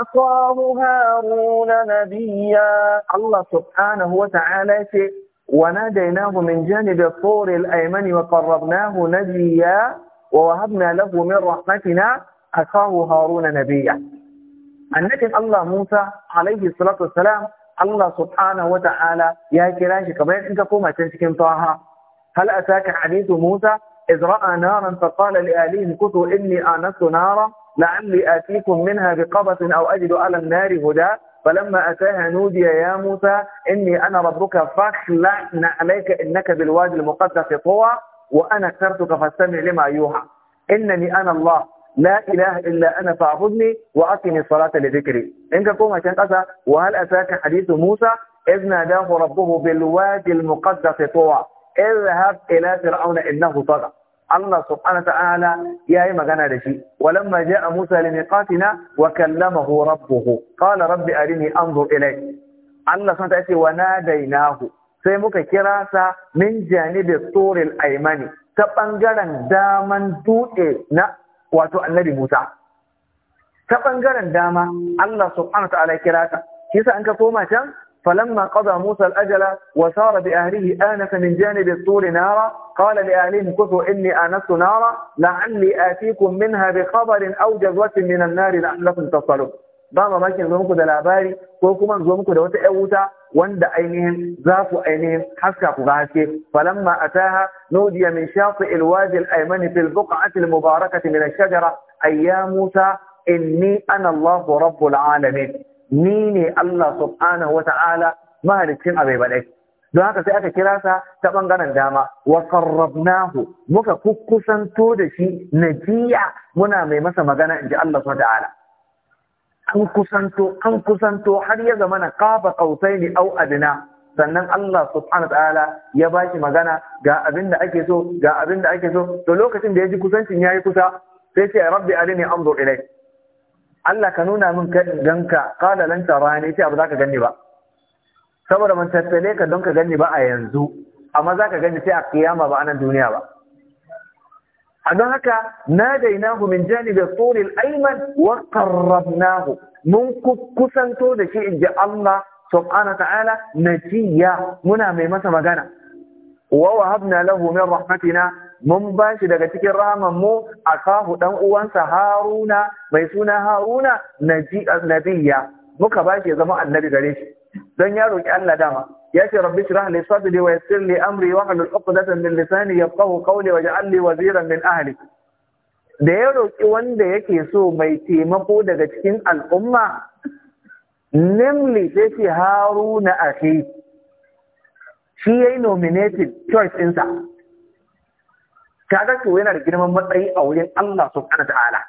أخاه هارون نبيا الله سبحانه وتعالى وناديناه من جانب الطور الأيمن وقربناه نبيا ووهبنا له من رحمتنا أخاه هارون نبيا النبي الله موسى عليه الصلاة والسلام الله سبحانه وتعالى يا كراشي كمان انت قوم تنسكين طاها هل أتاك حديث موسى إذ رأى نارا فقال لأهليه كثوا إني آنست نارا لعلي آتيكم منها بقبس أو أجد على النار هدى فلما أتاها نودي يا موسى إني أنا ربك فاخلع عليك إنك بالوادي المقدس طوى وأنا اخترتك فاستمع لما يوحى إنني أنا الله لا إله إلا أنا فاعبدني وأقم الصلاة لذكري إنك كما عشان قصى وهل أتاك حديث موسى إذ ناداه ربه بالوادي المقدس طوى izhab ila fir'auna innahu tagha Allah subhanahu wa ta'ala yayi magana da shi walamma ja'a Musa limiqatina wa kallamahu rabbuhu qala rabbi arini anzur ilayk Allah subhanahu wa ta'ala ce wa sai muka kira sa min janibi turil aymani ta bangaren daman dutse na wato annabi Musa ta ɓangaren dama Allah subhanahu wa ta'ala kira ka shi yasa can فلما قضى موسى الأجل وسار بأهله انس من جانب الطول نارا قال لاهله كثوا إني آنست نارا لعلي آتيكم منها بخبر أو جذوة من النار لعلكم تصلوا بابا ماشين زومكو دلاباري كوكوما زومكو دوتا أوتا واند اينين زافوا أينهم حسكا فغاكي فلما أتاها نودي من شاطئ الوادي الأيمن في البقعة المباركة من الشجرة أي يا موسى إني أنا الله رب العالمين ni ne Allah subhanahu ta'ala mahalicin abai baɗai don haka sai aka kira sa ta ɓangaren dama wa qarrabnahu muka kukkusanto da shi najiya muna mai masa magana inji Allah subhanahu ta’ala. an kusanto an kusanto har ya zama na qaba ni au adna sannan Allah subhanahu ta'ala ya ba magana ga abin da ake so ga abin da ake so to lokacin da ya ji kusancin yayi kusa sai ce rabbi an anzur ilai Allah ka nuna min ganka qala lan tarani sai abu zaka ganni ba saboda man tattale ka don ka ganni ba a yanzu amma zaka gani sai a kiyama ba anan duniya ba a don haka na dainahu min janibi turi al-ayman wa qarrabnahu mun kusanto da shi inji Allah subhanahu wa ta'ala muna mai masa magana wa wahabna lahu min rahmatina mun ba shi daga cikin raman mu akahu dan uwansa Haruna mai suna Haruna nabiyya muka ba shi ya zama annabi gare shi don ya roƙi Allah dama ya ce rabbi shrah li sadri wa yassir li amri wa hlul 'uqdatan min lisani yafqahu qawli waj'al li waziran min ahli da ya roƙi wanda yake so mai taimako daga cikin al'umma namely sai ce Haruna akhi shi yayi nominated choice ɗinsa. kaga to yana da girman matsayi a wurin Allah subhanahu ta'ala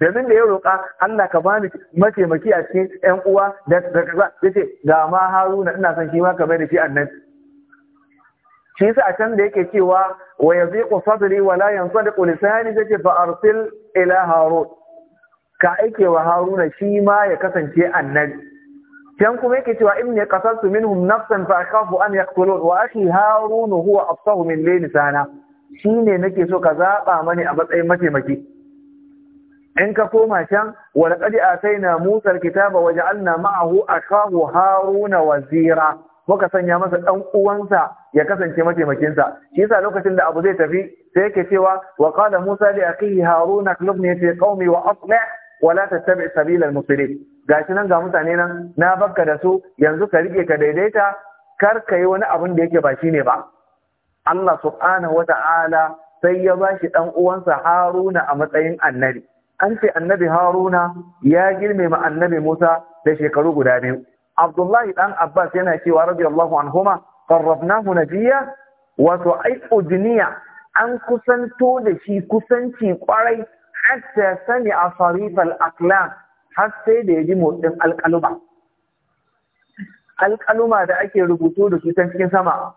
domin da ya roƙa Allah ka bani mataimaki a cikin ƴan uwa da kaza yace ga ma Haruna ina son shi ma ka bai da shi annan shi yasa a can da yake cewa wa yaziqu sadri wa la yansadiqu lisani yace fa arsil ila harun ka aike wa Haruna shi ma ya kasance annabi can kuma yake cewa in ne qasasu minhum nafsan fa akhafu an yaqtulun wa akhi harun huwa afsahu min lisana shi ne nake so ka zaɓa mani a matsayin mataimaki in ka koma can wani ƙadi a sai na musar kitaba waje an na ma'ahu a shahu haruna wazira muka sanya masa ɗan uwansa ya kasance mataimakinsa shi yasa lokacin da abu zai tafi sai yake cewa wa qala musa da li akhihi haruna ne fi ƙaumi wa aslih wa la tattabi sabilar musulmi. Ga shi nan ga mutane nan na bakka da su yanzu ka riƙe ka daidaita kar ka yi wani abin da yake ba shi ne ba Allah subhanahu wata'ala sai ya ba shi ɗan uwansa Haruna a matsayin annabi. An ce annabi Haruna ya girme ma annabi Musa da shekaru guda biyu. Abdullahi ɗan Abbas yana cewa radiyallahu anhuma qarrabnahu nabiyya wa su'aiqu diniya an kusanto da shi kusanci kwarai hatta sani a sarifal aklam har sai da ya ji motsin alƙaluma. Alƙaluma da ake rubutu da su cikin sama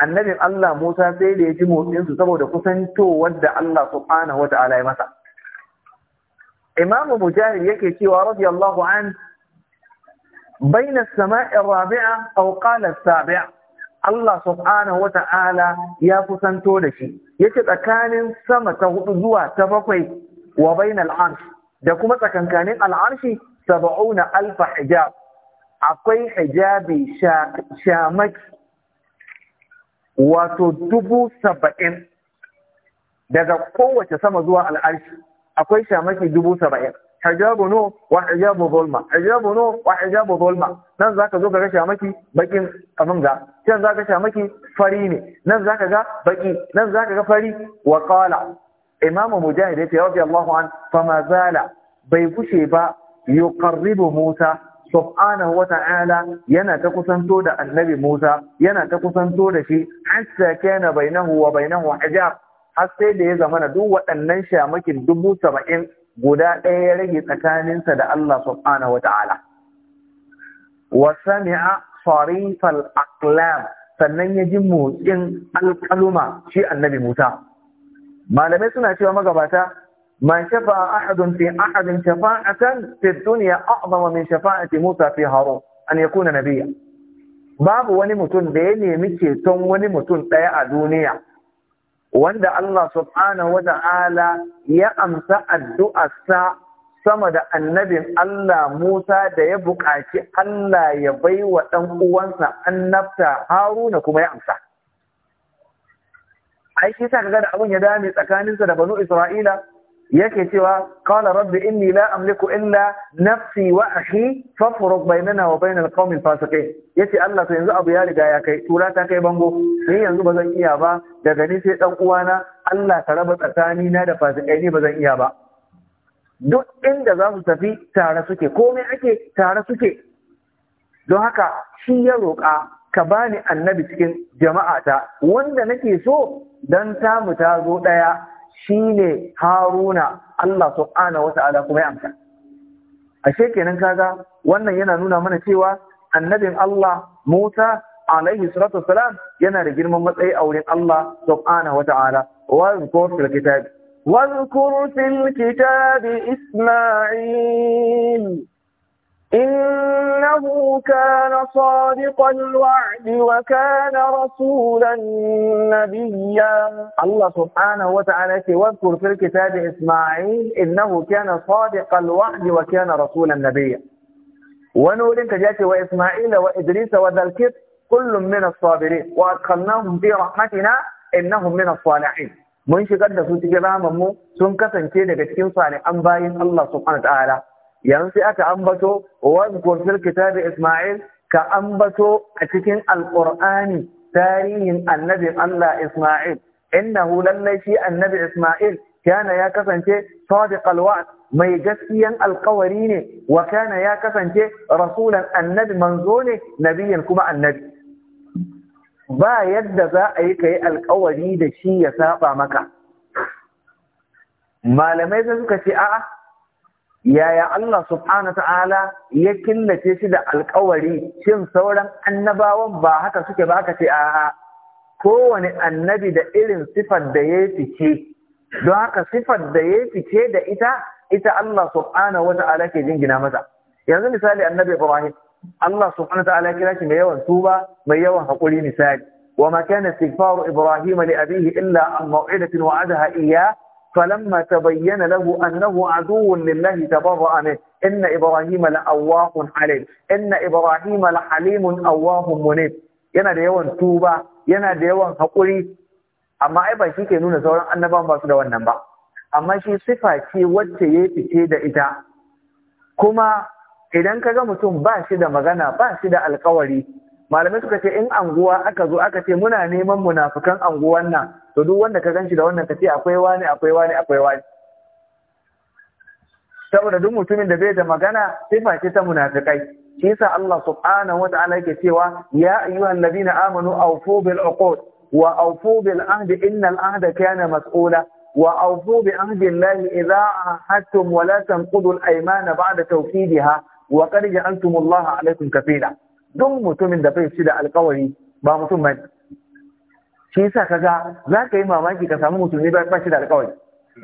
annabin Allah Musa sai da ya ji motsinsu saboda kusantowar da Allah subhanahu wata'ala ya masa imamu mujahid yake cewa radiyallahu an baina sama'in rabi'a aw qala sabi'a Allah subhanahu wata'ala ya kusanto da shi yace tsakanin sama ta hudu zuwa ta bakwai wa bainal arsh da kuma tsakankanin al'arshi saba'una alfa hijab akwai hijabi shamaki wato dubu saba'in daga kowace sama zuwa al'arshi akwai shamaki dubu saba'in hijabu no wa hijabu zulma hijabu no wa hijabu zulma nan zaka zo ga shamaki bakin abin ga can zaka shamaki fari ne nan zaka ga baki nan zaka ga fari wa qala imamu mujahid ya ce rabbi Allahu an fama zala bai kushe ba yuqarribu Musa subhanahu wa ta'ala yana ta kusanto da annabi Musa yana ta kusanto da shi hatta kana bainahu wa bainahu hijab har sai da ya zama na duk waɗannan shamakin dubu saba'in guda ɗaya ya rage tsakaninsa da Allah subhanahu wa ta'ala wa sami'a sarifal aqlam sannan ya ji motsin alƙaluma shi annabi Musa malamai suna cewa magabata ما شفع أحد في أحد شفاعة في الدنيا أعظم من شفاعة موسى في هارون أن يكون نبيا babu wani mutum da ya nemi ceton wani mutum ɗaya a duniya wanda Allah subhanahu Ta'ala ya amsa addu'arsa sama da annabin Allah Musa da ya buƙaci Allah ya bai wa ɗan uwansa annabta Haruna kuma ya amsa. Aiki shi sa kaga da abin ya dame tsakaninsa da Banu Isra'ila yake cewa qala rabbi inni la amliku illa nafsi wa akhi fafruq bainana wa bainal qawmi fasiqin yace Allah to yanzu abu ya riga ya kai tura ta kai bango sai yanzu bazan iya ba daga ni sai dan uwana Allah ka raba tsakani na da fasikai ne bazan iya ba duk inda za su tafi tare suke komai ake tare suke don haka shi ya roƙa ka bani annabi cikin jama'ata wanda nake so dan tamu ta zo ɗaya Shi ne Haruna Allah subhanahu wata'ala kuma ya amsa ashe kenan kaga wannan yana nuna mana cewa annabin Allah Musa alaihi salatu wassalam yana da girman matsayi a wurin Allah subhanahu wata'ala wa zkur kitabi. kitab واذكر kitabi Isma'il. إنه كان صادق الوعد وكان رسولا نبيا الله سبحانه وتعالى واذكر في الكتاب إسماعيل إنه كان صادق الوعد وكان رسولا نبيا ونور تجاتي وإسماعيل وإدريس وذا الكفر كل من الصابرين وأدخلناهم في رحمتنا إنهم من الصالحين mun shigar da su cikin rahamanmu sun kasance daga cikin salihan bayin Allah subhanahu wa ta'ala yanzu aka ambato wazkur fil kitabi isma'il ka ambato a cikin Alƙur'ani tarihin annabin Allah Isma'il innahu lallai shi annabi Isma'il kana ya kasance sadiqal wa'd mai gaskiyan alkawari ne wa kana ya kasance rasulan annabi manzo ne nabiyan kuma annabi ba yadda za a yi kai alkawari da shi ya saba maka malamai sun suka ce a'a yaya Allah subhanahu ta'ala ya killace shi da alkawari shin sauran annabawan ba haka suke ba aka ce a'a kowane annabi da irin sifar da ya fice don haka sifar da ya fice da ita ita Allah subhanahu wa ta'ala ke jingina masa yanzu misali annabi Ibrahim Allah subhanahu wa ta'ala kira shi mai yawan tuba mai yawan hakuri misali wa ma kana istighfaru Ibrahim li abihi illa an maw'idatin wa'adaha ha'iyya? فلما تبين له أنه عدو لله تبرأ منه إن إبراهيم لأواه حليم إن إبراهيم لحليم أواه منيب yana da yawan tuba yana da yawan haƙuri amma ai ba shi ke nuna sauran annabawan ba su da wannan ba amma shi sifa ce wacce ya fice da ita kuma idan ka ga mutum ba shi da magana ba shi da alkawari malamai suka ce in anguwa aka zo aka ce muna neman munafukan anguwan nan to duk wanda ka ganshi da wannan ce akwai wani akwai wani akwai wani saboda duk mutumin da bai da magana sifa ce ta munafikai shi yasa Allah subhanahu wataala yake cewa ya ayyuhan ladina amanu awfu bil uqud wa awfu bil ahdi innal ahda kana mas'ula wa awfu bi ahdi Allah idza ahadtum wa la tanqudul al aymana ba'da tawkidiha wa qad ja'altumullaha alaykum kafila duk mutumin da bai ci da alƙawari ba mutum bane shi yasa kaga za ka yi mamaki ka samu musulmi ba shi da alƙawari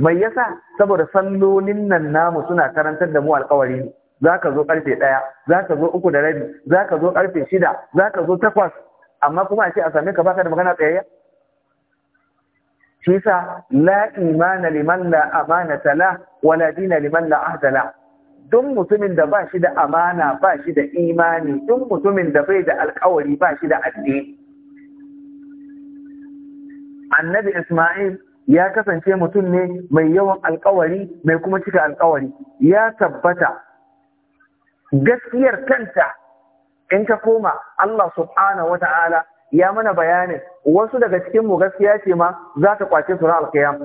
mai yasa saboda sallolin nan namu suna karantar da mu alƙawari ne za ka zo ƙarfe ɗaya za ka zo uku da rabi za ka zo ƙarfe shida za ka zo takwas amma kuma a ce a same ka baka da magana tsayayya shi yasa la imana liman la amanata la wala dina liman la ahda la duk mutumin da ba shi da amana ba shi da imani duk mutumin da bai da alƙawari ba shi da addini annabi Ismail ya kasance mutum ne mai yawan alkawari mai kuma cika alkawari ya tabbata gaskiyar kanta in ka koma Allah subhanahu wata'ala ya mana bayanin wasu daga cikin mu gaskiya ce ma za ta kwace su ran alkiyam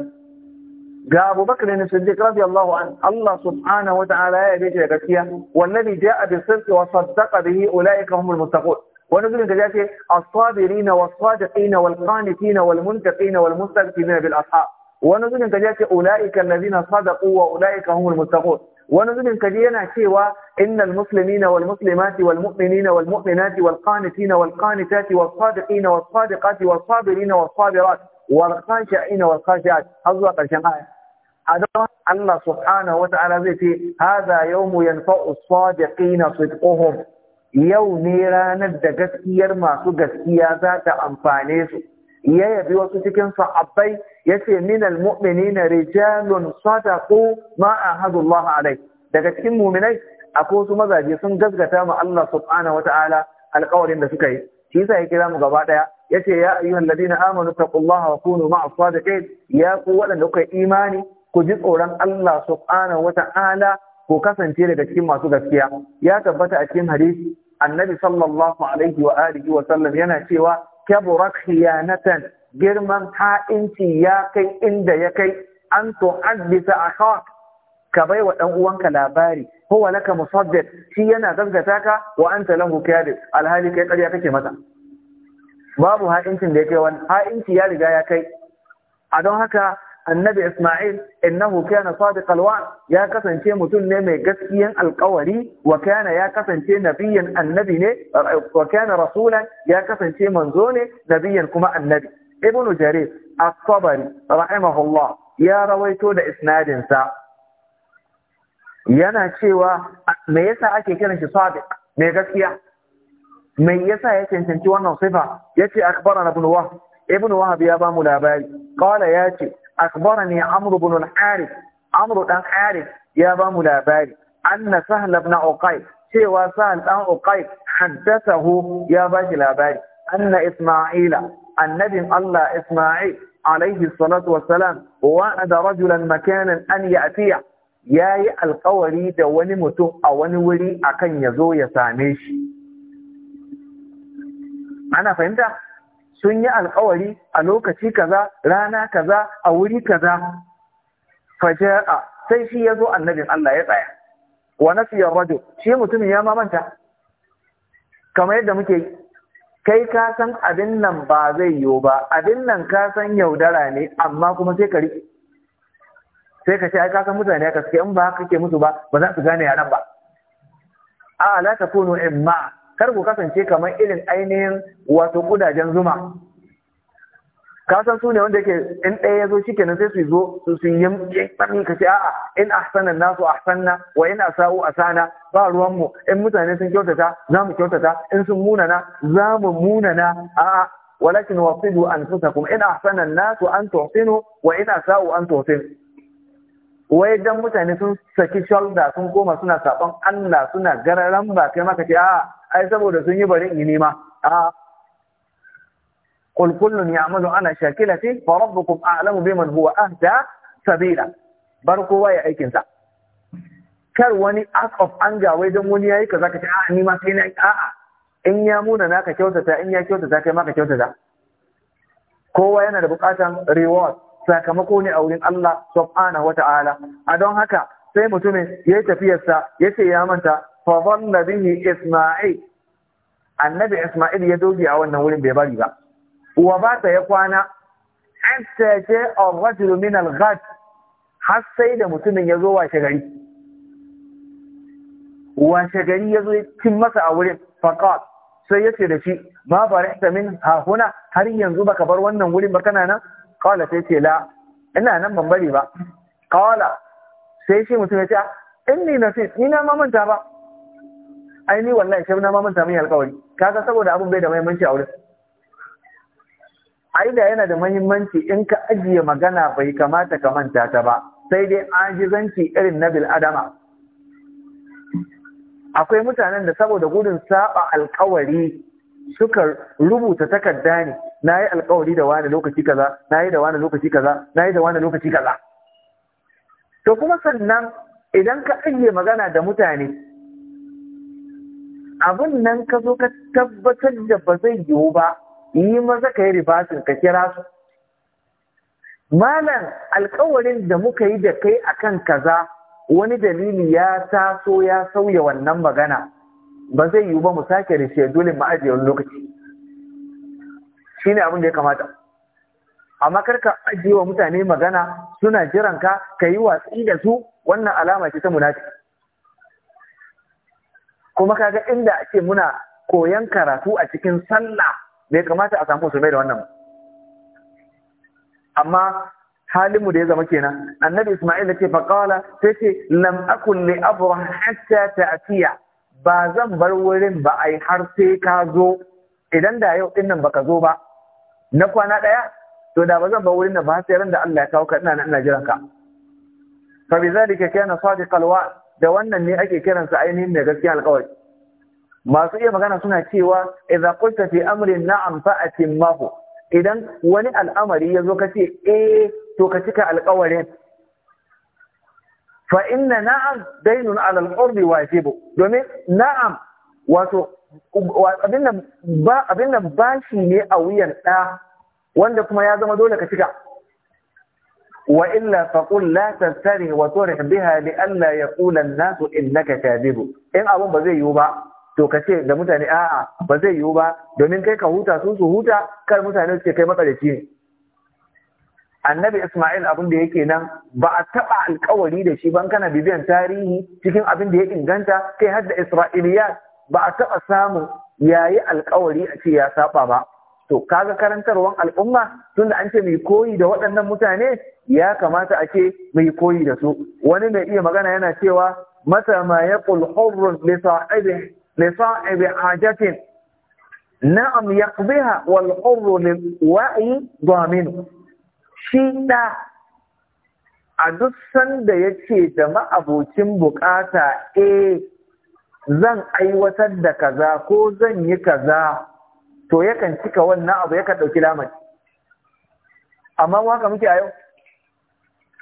ga Abu Bakr ne Siddiq radiyallahu an Allah subhanahu wata'ala ya yi da gaskiya wallazi ja'a bi sirri wa saddaqa bihi ulaika humul muttaqun ونزل انتجاك إيه؟ الصابرين والصادقين والقانتين والمنتقين والمستقفين بالأصحاب ونزل انتجاك إيه؟ أولئك الذين صدقوا وأولئك هم المتقون ونزل انتجينا شيوى إن المسلمين والمسلمات والمؤمنين والمؤمنات والقانتين والقانتات والصادقين والصادقات والصابرين والصابرات والخاشعين والخاشعات أزواق الشمعية الله سبحانه وتعالى هذا يوم ينفع الصادقين صدقهم yau ne ranar da gaskiyar masu gaskiya za ta amfane su ya yabi wasu cikin sahabbai ya ce minal mu'minina rijalun sadaqu ma ahadullah alai daga cikin mu'minai akwai wasu mazaje sun gaskata wa Allah subhanahu wataala alƙawarin da suka yi shi yasa ya kira mu gaba daya yace ya ayyuhal ladina amanu taqullaha wa kunu ma'as sadiqin ya ku waɗanda kuka imani ku ji tsoron Allah subhanahu wataala ku kasance daga cikin masu gaskiya ya tabbata a cikin hadisi annabi sallallahu alaihi wa alihi wa sallam yana cewa kaburat khiyanatan girman ha'inci ya kai inda ya kai an tuhaddisa akhak ka bai wa dan uwanka labari huwa laka shi yana gaskata ka wa anta lahu kadib alhali kai ƙarya kake masa babu ha'incin da ya kai wani ha'inci ya riga ya kai a don haka annabi Ismail innahu kana sadiqal wa ya kasance mutum ne mai gaskiyan alƙawari wa kana ya kasance nabiyan annabi ne wa kana rasulan ya kasance manzo ne nabiyan kuma annabi ibn jarir as-sabari rahimahullah ya rawaito da isnadin sa yana cewa me yasa ake kiran shi sadiq mai gaskiya me yasa ya cancanci wannan sifa yace akhbarana ibn wahb ibn wahab ya bamu labari qala yace أخبرني عمرو بن الحارث عمرو بن الحارث يا بام لاباري أن سهل بن عقيل سوى سهل بن عقيل حدثه يا بام لاباري أن إسماعيل النبي الله إسماعيل عليه الصلاة والسلام وعد رجلا مكانا أن يأتيه يا yi alkawari da wani mutum a wani wuri akan ya sun yi alkawari a lokaci kaza rana kaza a wuri kaza a sai shi ya zo annabin Allah ya tsaya wa nasiyar rajo shi mutumin ya mamanta kamar yadda muke yi kai ka san abin nan ba zai yiwu ba abin nan ka san yaudara ne amma kuma sai ka riƙe sai ka ce ai ka san mutane ka suke in ba haka kake musu ba ba za su gane yaran ba a la takunu imma kar ku kasance kamar irin ainihin wato kudajen zuma ka san su ne wanda yake in ɗaya ya zo shi kenan sai su zo su sun yi tsami ka ce a'a in ahsanan nasu ahsanna wa in asa'u asana ba ruwan mu in mutane sun kyautata za mu kyautata in sun munana za mu munana a'a walakin wasidu Kuma in ahsanan nasu an tuhsinu wa in asa'u an tuhsinu wai dan mutane sun saki shalda sun koma suna saɓon Allah suna gararan ba kai maka ce a ai saboda sun yi bari in nema a qul kullun ya'malu ana shakilati fa rabbukum a'lamu biman huwa ahda sabila bar kowa ya aikin sa kar wani act of anger wai dan wani yayi kaza ka ce a ni ma sai na a'a in ya muna naka kyautata in ya kyautata kai maka kyautata kowa yana da bukatan reward sakamako ne a wurin Allah subhanahu ta'ala. a don haka sai mutumin ya yi tafiyarsa ya ce ya manta fa dhalla bihi isma'il annabi isma'il ya doge a wannan wurin bai bari ba wa ba ta ya kwana hatta ce ar-rajulu min al-ghad har sai da mutumin ya zo washe gari washe gari ya zo cin masa a wurin faqat sai ya da shi ma ta min ha huna har yanzu baka bar wannan wurin ba kana nan kawala sai ce la ina nan ban bari ba kawala sai shi mutum ya ce inni na fi ni na mamanta ba ai ni wallahi shi na mamanta min alƙawari kaga saboda abun bai da muhimmanci a wurin ai da yana da muhimmanci in ka ajiye magana bai kamata ka manta ta ba sai dai ajizanci irin na bil adama akwai mutanen da saboda gudun saba alƙawari suka rubuta takarda ne na yi alkawari da wani lokaci kaza na yi da wani lokaci kaza na yi da wani lokaci kaza to kuma sannan idan ka ajiye magana da mutane abin nan ka zo ka tabbatar da ba zai yiwu ba yi maza ka yi ribasin ka kira su malam alkawarin da muka yi da kai akan kaza wani dalili ya taso ya sauya wannan magana ba zai yiwu ba mu sake da shedulin ma'ajiyar lokaci Shi ne abin da ya kamata amma kar ka ajiye wa mutane magana suna jiran ka ka yi watsi da su wannan alama ce ta munafi kuma kaga inda ake muna koyan karatu a cikin sallah bai kamata a samu sumai da wannan amma halinmu da ya zama kenan annabi isma'il da ce Faƙawala sai ce lam akun li abrah hatta ta'tiya ba zan bar wurin ba ai har sai ka zo idan da yau din nan baka zo ba na kwana ɗaya to da ba zan ba wurin da ba sai da Allah ya kawo ka ina ina jiran ka fa bi zalika kana sadiq alwa da wannan ne ake kiran sa ainihin mai gaskiya alƙawari masu iya magana suna cewa idza qulta fi amrin na'am fa atimmahu idan wani al'amari ya zo ka ce eh to ka cika alƙawarin fa inna na'am dainun ala al-urdi wajibu domin na'am wato abin nan bashi ne a wuyan ɗa wanda kuma ya zama dole ka cika wa illa faqul la tastari wa turih biha da Allah ya an-nasu innaka kadhib in abin ba zai yiwu ba to ka ce da mutane a'a ba zai yiwu ba domin kai ka huta su su huta kar mutane su ce kai matsalaci ne annabi Ismail abin da yake nan ba a taɓa alkawari da shi ban kana bibiyan tarihi cikin abin da ya inganta kai har da Isra'iliyat ba a taɓa samun yayi alkawari a ce ya saba ba to kaga karantarwan al'umma tun da an ce mai koyi da waɗannan mutane ya kamata a ce mai koyi da su wani mai iya magana yana cewa mata ma yaqul hurrun li sa'ibi li na'am ya wal hurru lil wa'i damin shi da a duk sanda yace da ma'abocin bukata eh zan aiwatar da kaza ko zan yi kaza to yakan cika wannan abu yakan ɗauki lamari amma waka muke a yau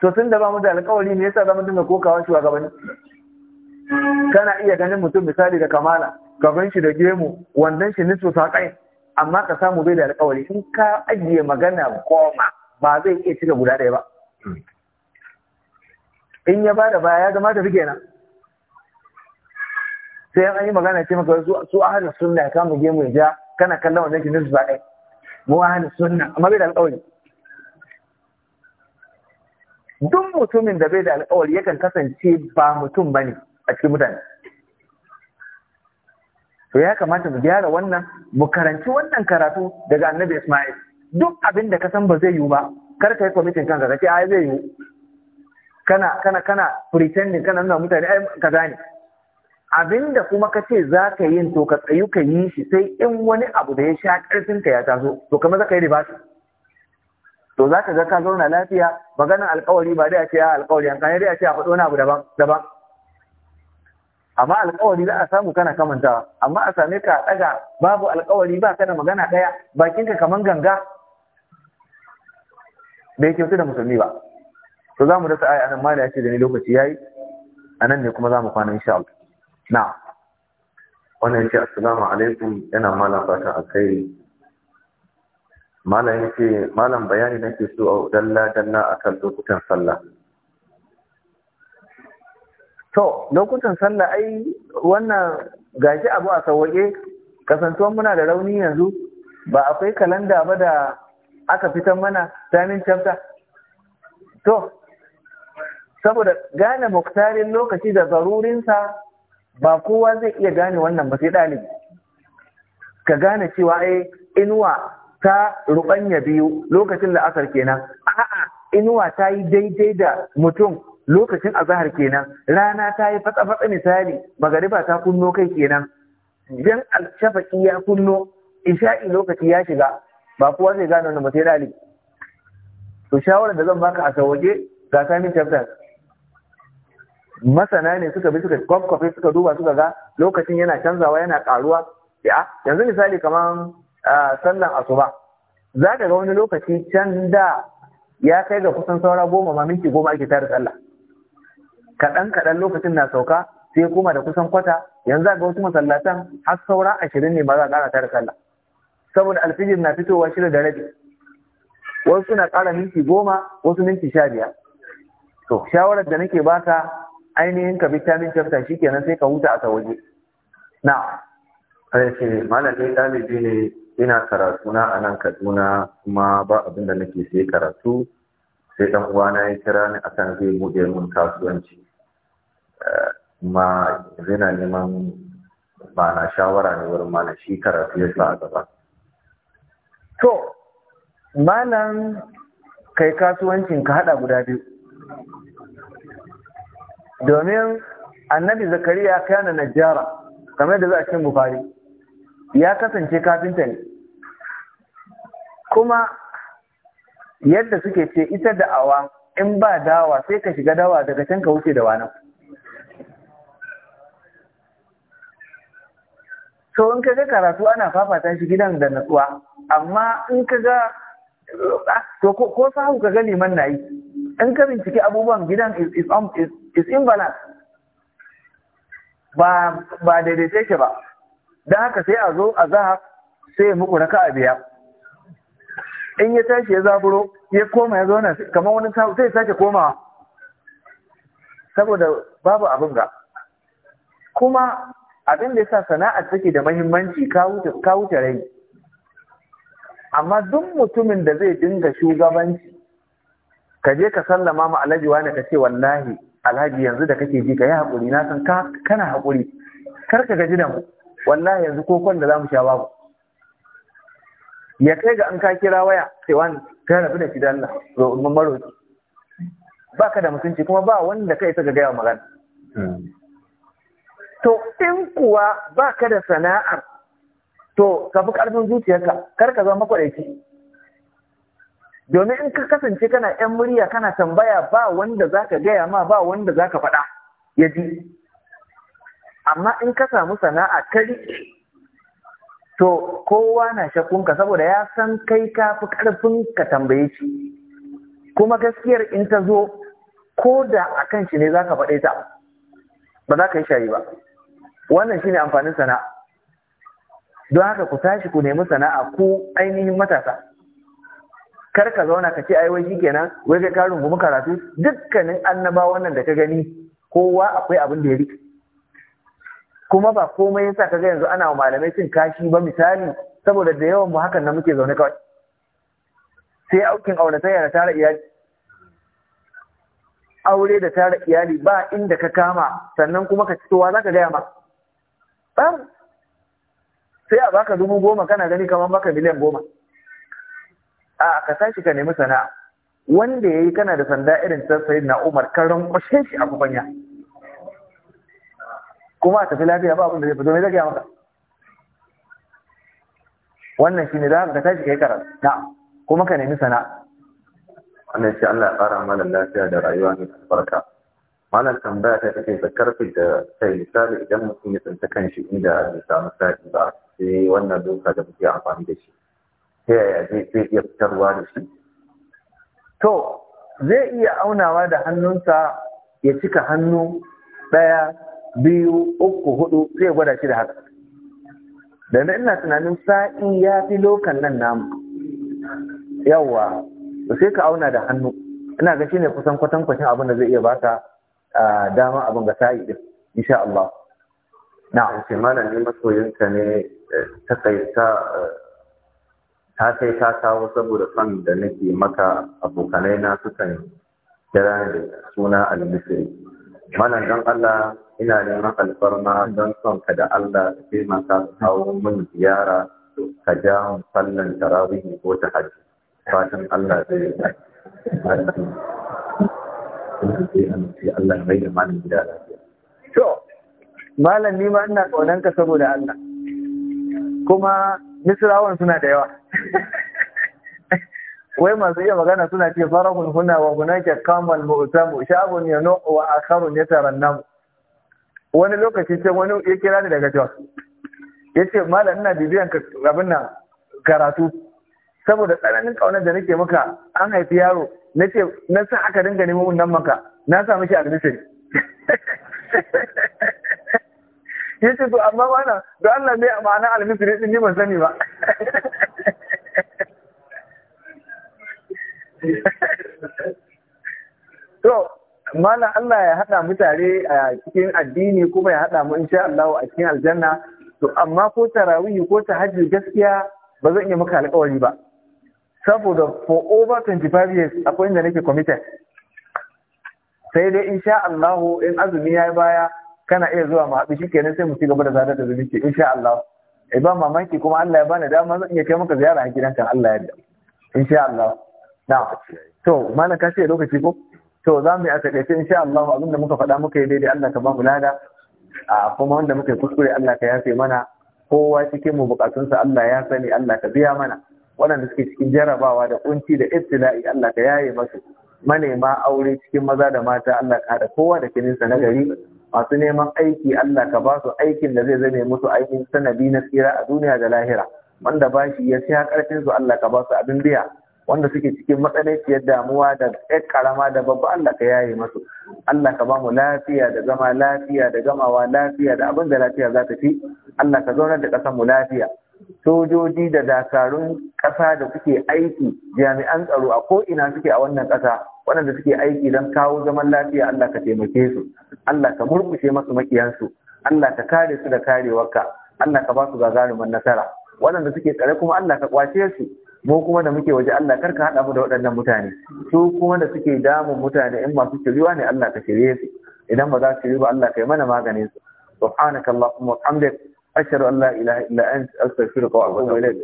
to tun ba mu da alƙawari ne yasa za mu dinga kokawa shugabanni kana iya ganin mutum misali da kamala gaban shi da gemu wandan shi nisu kai amma ka samu bai da alƙawari in ka ajiye magana goma ba zai iya cika guda ɗaya ba hmm. in ya ba da baya ya zama fike nan sai an yi magana ce maka su su ahlus sunna ya kama gemu ya ja kana kallon wajen kin su zaɗe mu ahlus sunna amma bai da alƙawari duk mutumin da bai da alƙawari yakan kasance ba mutum ba ne a cikin mutane to ya kamata mu gyara wannan mu karanci wannan karatu daga annabi Ismail duk abin da ka san ba zai yiwu ba kar ka yi kwamitin kanka ka ce ai zai yiwu kana kana kana pretending kana nuna mutane ai kaza ne abinda kuma ka ce za ka yin to ka tsayu ka yi shi sai in wani abu da ya sha ƙarfinka ka ya taso to kamar za ka yi ribashi to za ka ga ka zauna lafiya maganar alkawari ba dai a ce a ah, alkawari an kan dai a ce a faɗo wani abu daban daban amma alkawari za a samu kana kamantawa amma a same ka ɗaga babu alkawari ba kana magana ɗaya bakinka kamar ganga bai kyautu da musulmi ba to za mu dasa aya anan ma da ya ce da ni lokaci yayi anan ne kuma za mu kwana insha Allah na wannan ce assalamu alaikum yana malam fatan alkhairi malam ce malam bayani nake so a dalla dalla akan lokutan sallah to lokutan sallah ai wannan gashi abu a sauwaƙe kasantuwan muna da rauni yanzu ba akwai kalanda ba da aka fitar mana timing chapter to saboda gane muktarin lokaci da zarurinsa ba kowa zai iya gane wannan ba sai ɗalibi ka gane cewa ai eh, inuwa ta ruɓanya biyu lokacin la'asar kenan a'a inuwa ta yi daidai da mutum lokacin azahar kenan rana ta yi fatsa-fatsa misali magariba ta kunno kai kenan jan alshafaki ya kunno isha'i lokaci ya shiga ba kowa zai gane wannan ba sai ɗalibi to shawarar da zan baka a sauwaje ga sami chapters masana ne suka bi suka kwakwafe suka duba suka ga lokacin yana canzawa yana karuwa ya yanzu misali kamar sallan asuba za ka ga wani lokaci can da ya kai ga kusan saura goma ma minti goma ake tare sallah kaɗan kaɗan lokacin na sauka sai kuma da kusan kwata yanzu ga wasu masallatan har saura ashirin ne ba za a ƙara tare sallah saboda alfijir na fitowa shida da rabi wasu na ƙara minti goma wasu minti sha biyar to shawarar da nake baka ainihin ka shi ke nan sai ka huta a ta waje na ce malam ɗalibi ne ina karatu na a nan Kaduna kuma ba abin da nake sai karatu sai dan uwana ya kira ni akan zai buɗe mun kasuwanci eh, Ma zina neman ba na shawara ne wurin mana shi karatu ya sa a gaba to malam kai kasuwancin ka haɗa guda biyu domin annabi zakariya kana najjara kamar da za a cikin bukari ya kasance kafinta ne kuma yadda suke ce ita da awa in ba dawa sai ka shiga dawa daga can ka wuce da wani to in ka ga karatu ana fafata shi gidan da natsuwa amma in ka ga to ko sahu ka ga liman na yi in ka binciki abubuwan gidan is 90 banat ba ba daidaice ke ba don haka sai a zo a zaha sai muku raka a biya in ya tashi ya zaburo ya koma ya zauna kamar wani sai sake komawa saboda babu abin ga kuma abin da yasa sana'ar take da mahimmanci ka wuce rai amma duk mutumin da zai dinga shugabanci ka je ka sallama ma alhaji wani ka ce wallahi alhaji yanzu da kake ji ka yi haƙuri na san kana haƙuri kar ka gaji da mu wallahi yanzu ko kwan da za mu sha babu ya kai ga an ka kira waya sai wani ka rabu da shi da Allah maroki ba ka da mutunci kuma ba wanda kai ta gaya magana to in kuwa ba ka da sana'ar to ka fi ƙarfin zuciyarka kar ka zama makwaɗaici domin in ka kasance kana yan murya kana tambaya ba wanda za ka gaya ma ba wanda za ka faɗa ya ji amma in ka samu sana'a kari to kowa na shakunka saboda ya san kai ka fi karfin ka tambaye shi kuma gaskiyar in ta zo ko da a kan shi ne za ka faɗe ta ba za ka yi shayi ba wannan shi ne amfanin sana'a don haka ku tashi ku nemi sana'a ku ainihin matasa kar ka zauna ka ce ai wai shikenan wai kai ka rungumi karatu dukkanin annaba wannan da ka gani kowa akwai abin da ya rike kuma ba komai yasa kaga yanzu ana wa malamai cin kashi ba misali saboda da yawan mu hakan na muke zaune kawai sai aukin aure sai da tara iyali aure da tara iyali ba inda ka kama sannan kuma ka fitowa za ka gaya ma sai a baka dubu goma kana gani kamar baka miliyan goma a ka tashi ka nemi sana'a wanda yayi kana da sanda irin ta na Umar karan kwashe shi a kubanya kuma a tafi lafiya ba abin da zai fito mai zai maka wannan shine za ka tashi kai karatu na kuma ka nemi sana'a Allah shi Allah ya fara mana lafiya da rayuwa mai barka malam tambaya ta take da karfi da sai misali idan mutum ya tsinta kanshi inda bai samu sa'i ba sai wannan doka da muke amfani da shi ta yaya zai iya fitarwa da shi to zai iya aunawa da hannunsa ya cika hannu ɗaya biyu uku hudu zai gwada shi da haka da na ina tunanin sa'i ya fi lokan nan namu yawa sai ka auna da hannu ina ga ne kusan kwashin abin da zai iya ba ta dama abin ga sa'i din insha Allah Na, sai masoyinka ne masoyinka ne eh, takaita eh, ta sai ta kawo saboda son da nake maka abokanai na sukan kira da suna al-misri malam dan Allah ina neman alfarma don son ka da Allah ka taimaka kawo min ziyara ka ja sallan tarawih ko ta haji fatan Allah zai yi Allah mai da malam gida lafiya to malam ni ma ina kaunanka saboda Allah kuma misrawan suna da yawa wai masu iya magana suna ce farahun huna wa hunaka kamal mu'tamu sha'abun no wa akharun nan? wani lokaci ce wani ya kira ni daga Jos ce malam ina bibiyan ka abin nan karatu saboda tsananin kaunar da nake maka an haifi yaro ce na sa aka dinga neman maka na sa miki admission ya to amma mana da Allah mai ma'ana almisiri din ni ban sani ba to mana Allah ya haɗa mu tare a cikin addini kuma ya haɗa mu insha Allah a cikin aljanna to amma ko tarawih ko tahajjud gaskiya ba zan iya maka alƙawari ba saboda for over 25 years akwai inda nake committed sai dai insha Allah in azumi ya baya kana iya zuwa mu haɗu shikenan sai mu ci gaba da zarar da zumunci insha Allah eh ba mamaki kuma Allah ya bani dama zan iya kai maka ziyara a gidanka Allah ya yarda insha Allah na'am to mana ka sai lokaci ko to za mu yi a takaice insha Allah abinda muka faɗa muka yi daidai Allah ka ba mu lada a kuma wanda muka yi kuskure Allah ka yafe mana kowa cikin mu bukatunsa Allah ya sani Allah ka biya mana waɗanda suke cikin jarabawa da kunci da ibtila'i Allah ka yaye masu manema aure cikin maza da mata Allah ka haɗa kowa da kininsa na gari masu neman aiki Allah ka ba su aikin da zai zame musu aikin sanadi na tsira a duniya da lahira wanda ba shi ya sai karfin su Allah ka ba su abin biya wanda suke cikin matsananciyar damuwa da ƙarama karama da babba Allah ka yaye masu Allah ka ba mu lafiya da zama lafiya da gamawa lafiya da abin da lafiya za ta fi Allah ka zaunar da ƙasar mu lafiya sojoji da dakarun ƙasa da suke aiki jami'an tsaro a ko'ina suke a wannan ƙasa waɗanda suke aiki don kawo zaman lafiya Allah ka taimake su Allah ka murkushe masu makiyansu Allah ka kare su da karewarka Allah ka ba su gagarumin nasara waɗanda suke tsare kuma Allah ka kwace su mu kuma da muke waje Allah kar ka haɗa mu da waɗannan mutane su kuma da suke damun mutane in masu shiriwa ne Allah ka shirye su idan ba za su shirya ba Allah ka yi mana maganin su subhanaka kalla kuma hamdik ashhadu an la ilaha illa anta astaghfiruka wa atubu ilayk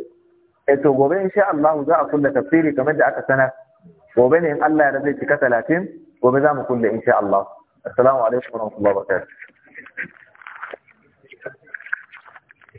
eh to gobe insha Allah za a kulla tafsiri kamar da aka sanar gobe ne in Allah ya zai cika talatin gobe za mu kulle insha Allah assalamu alaikum wa rahmatullahi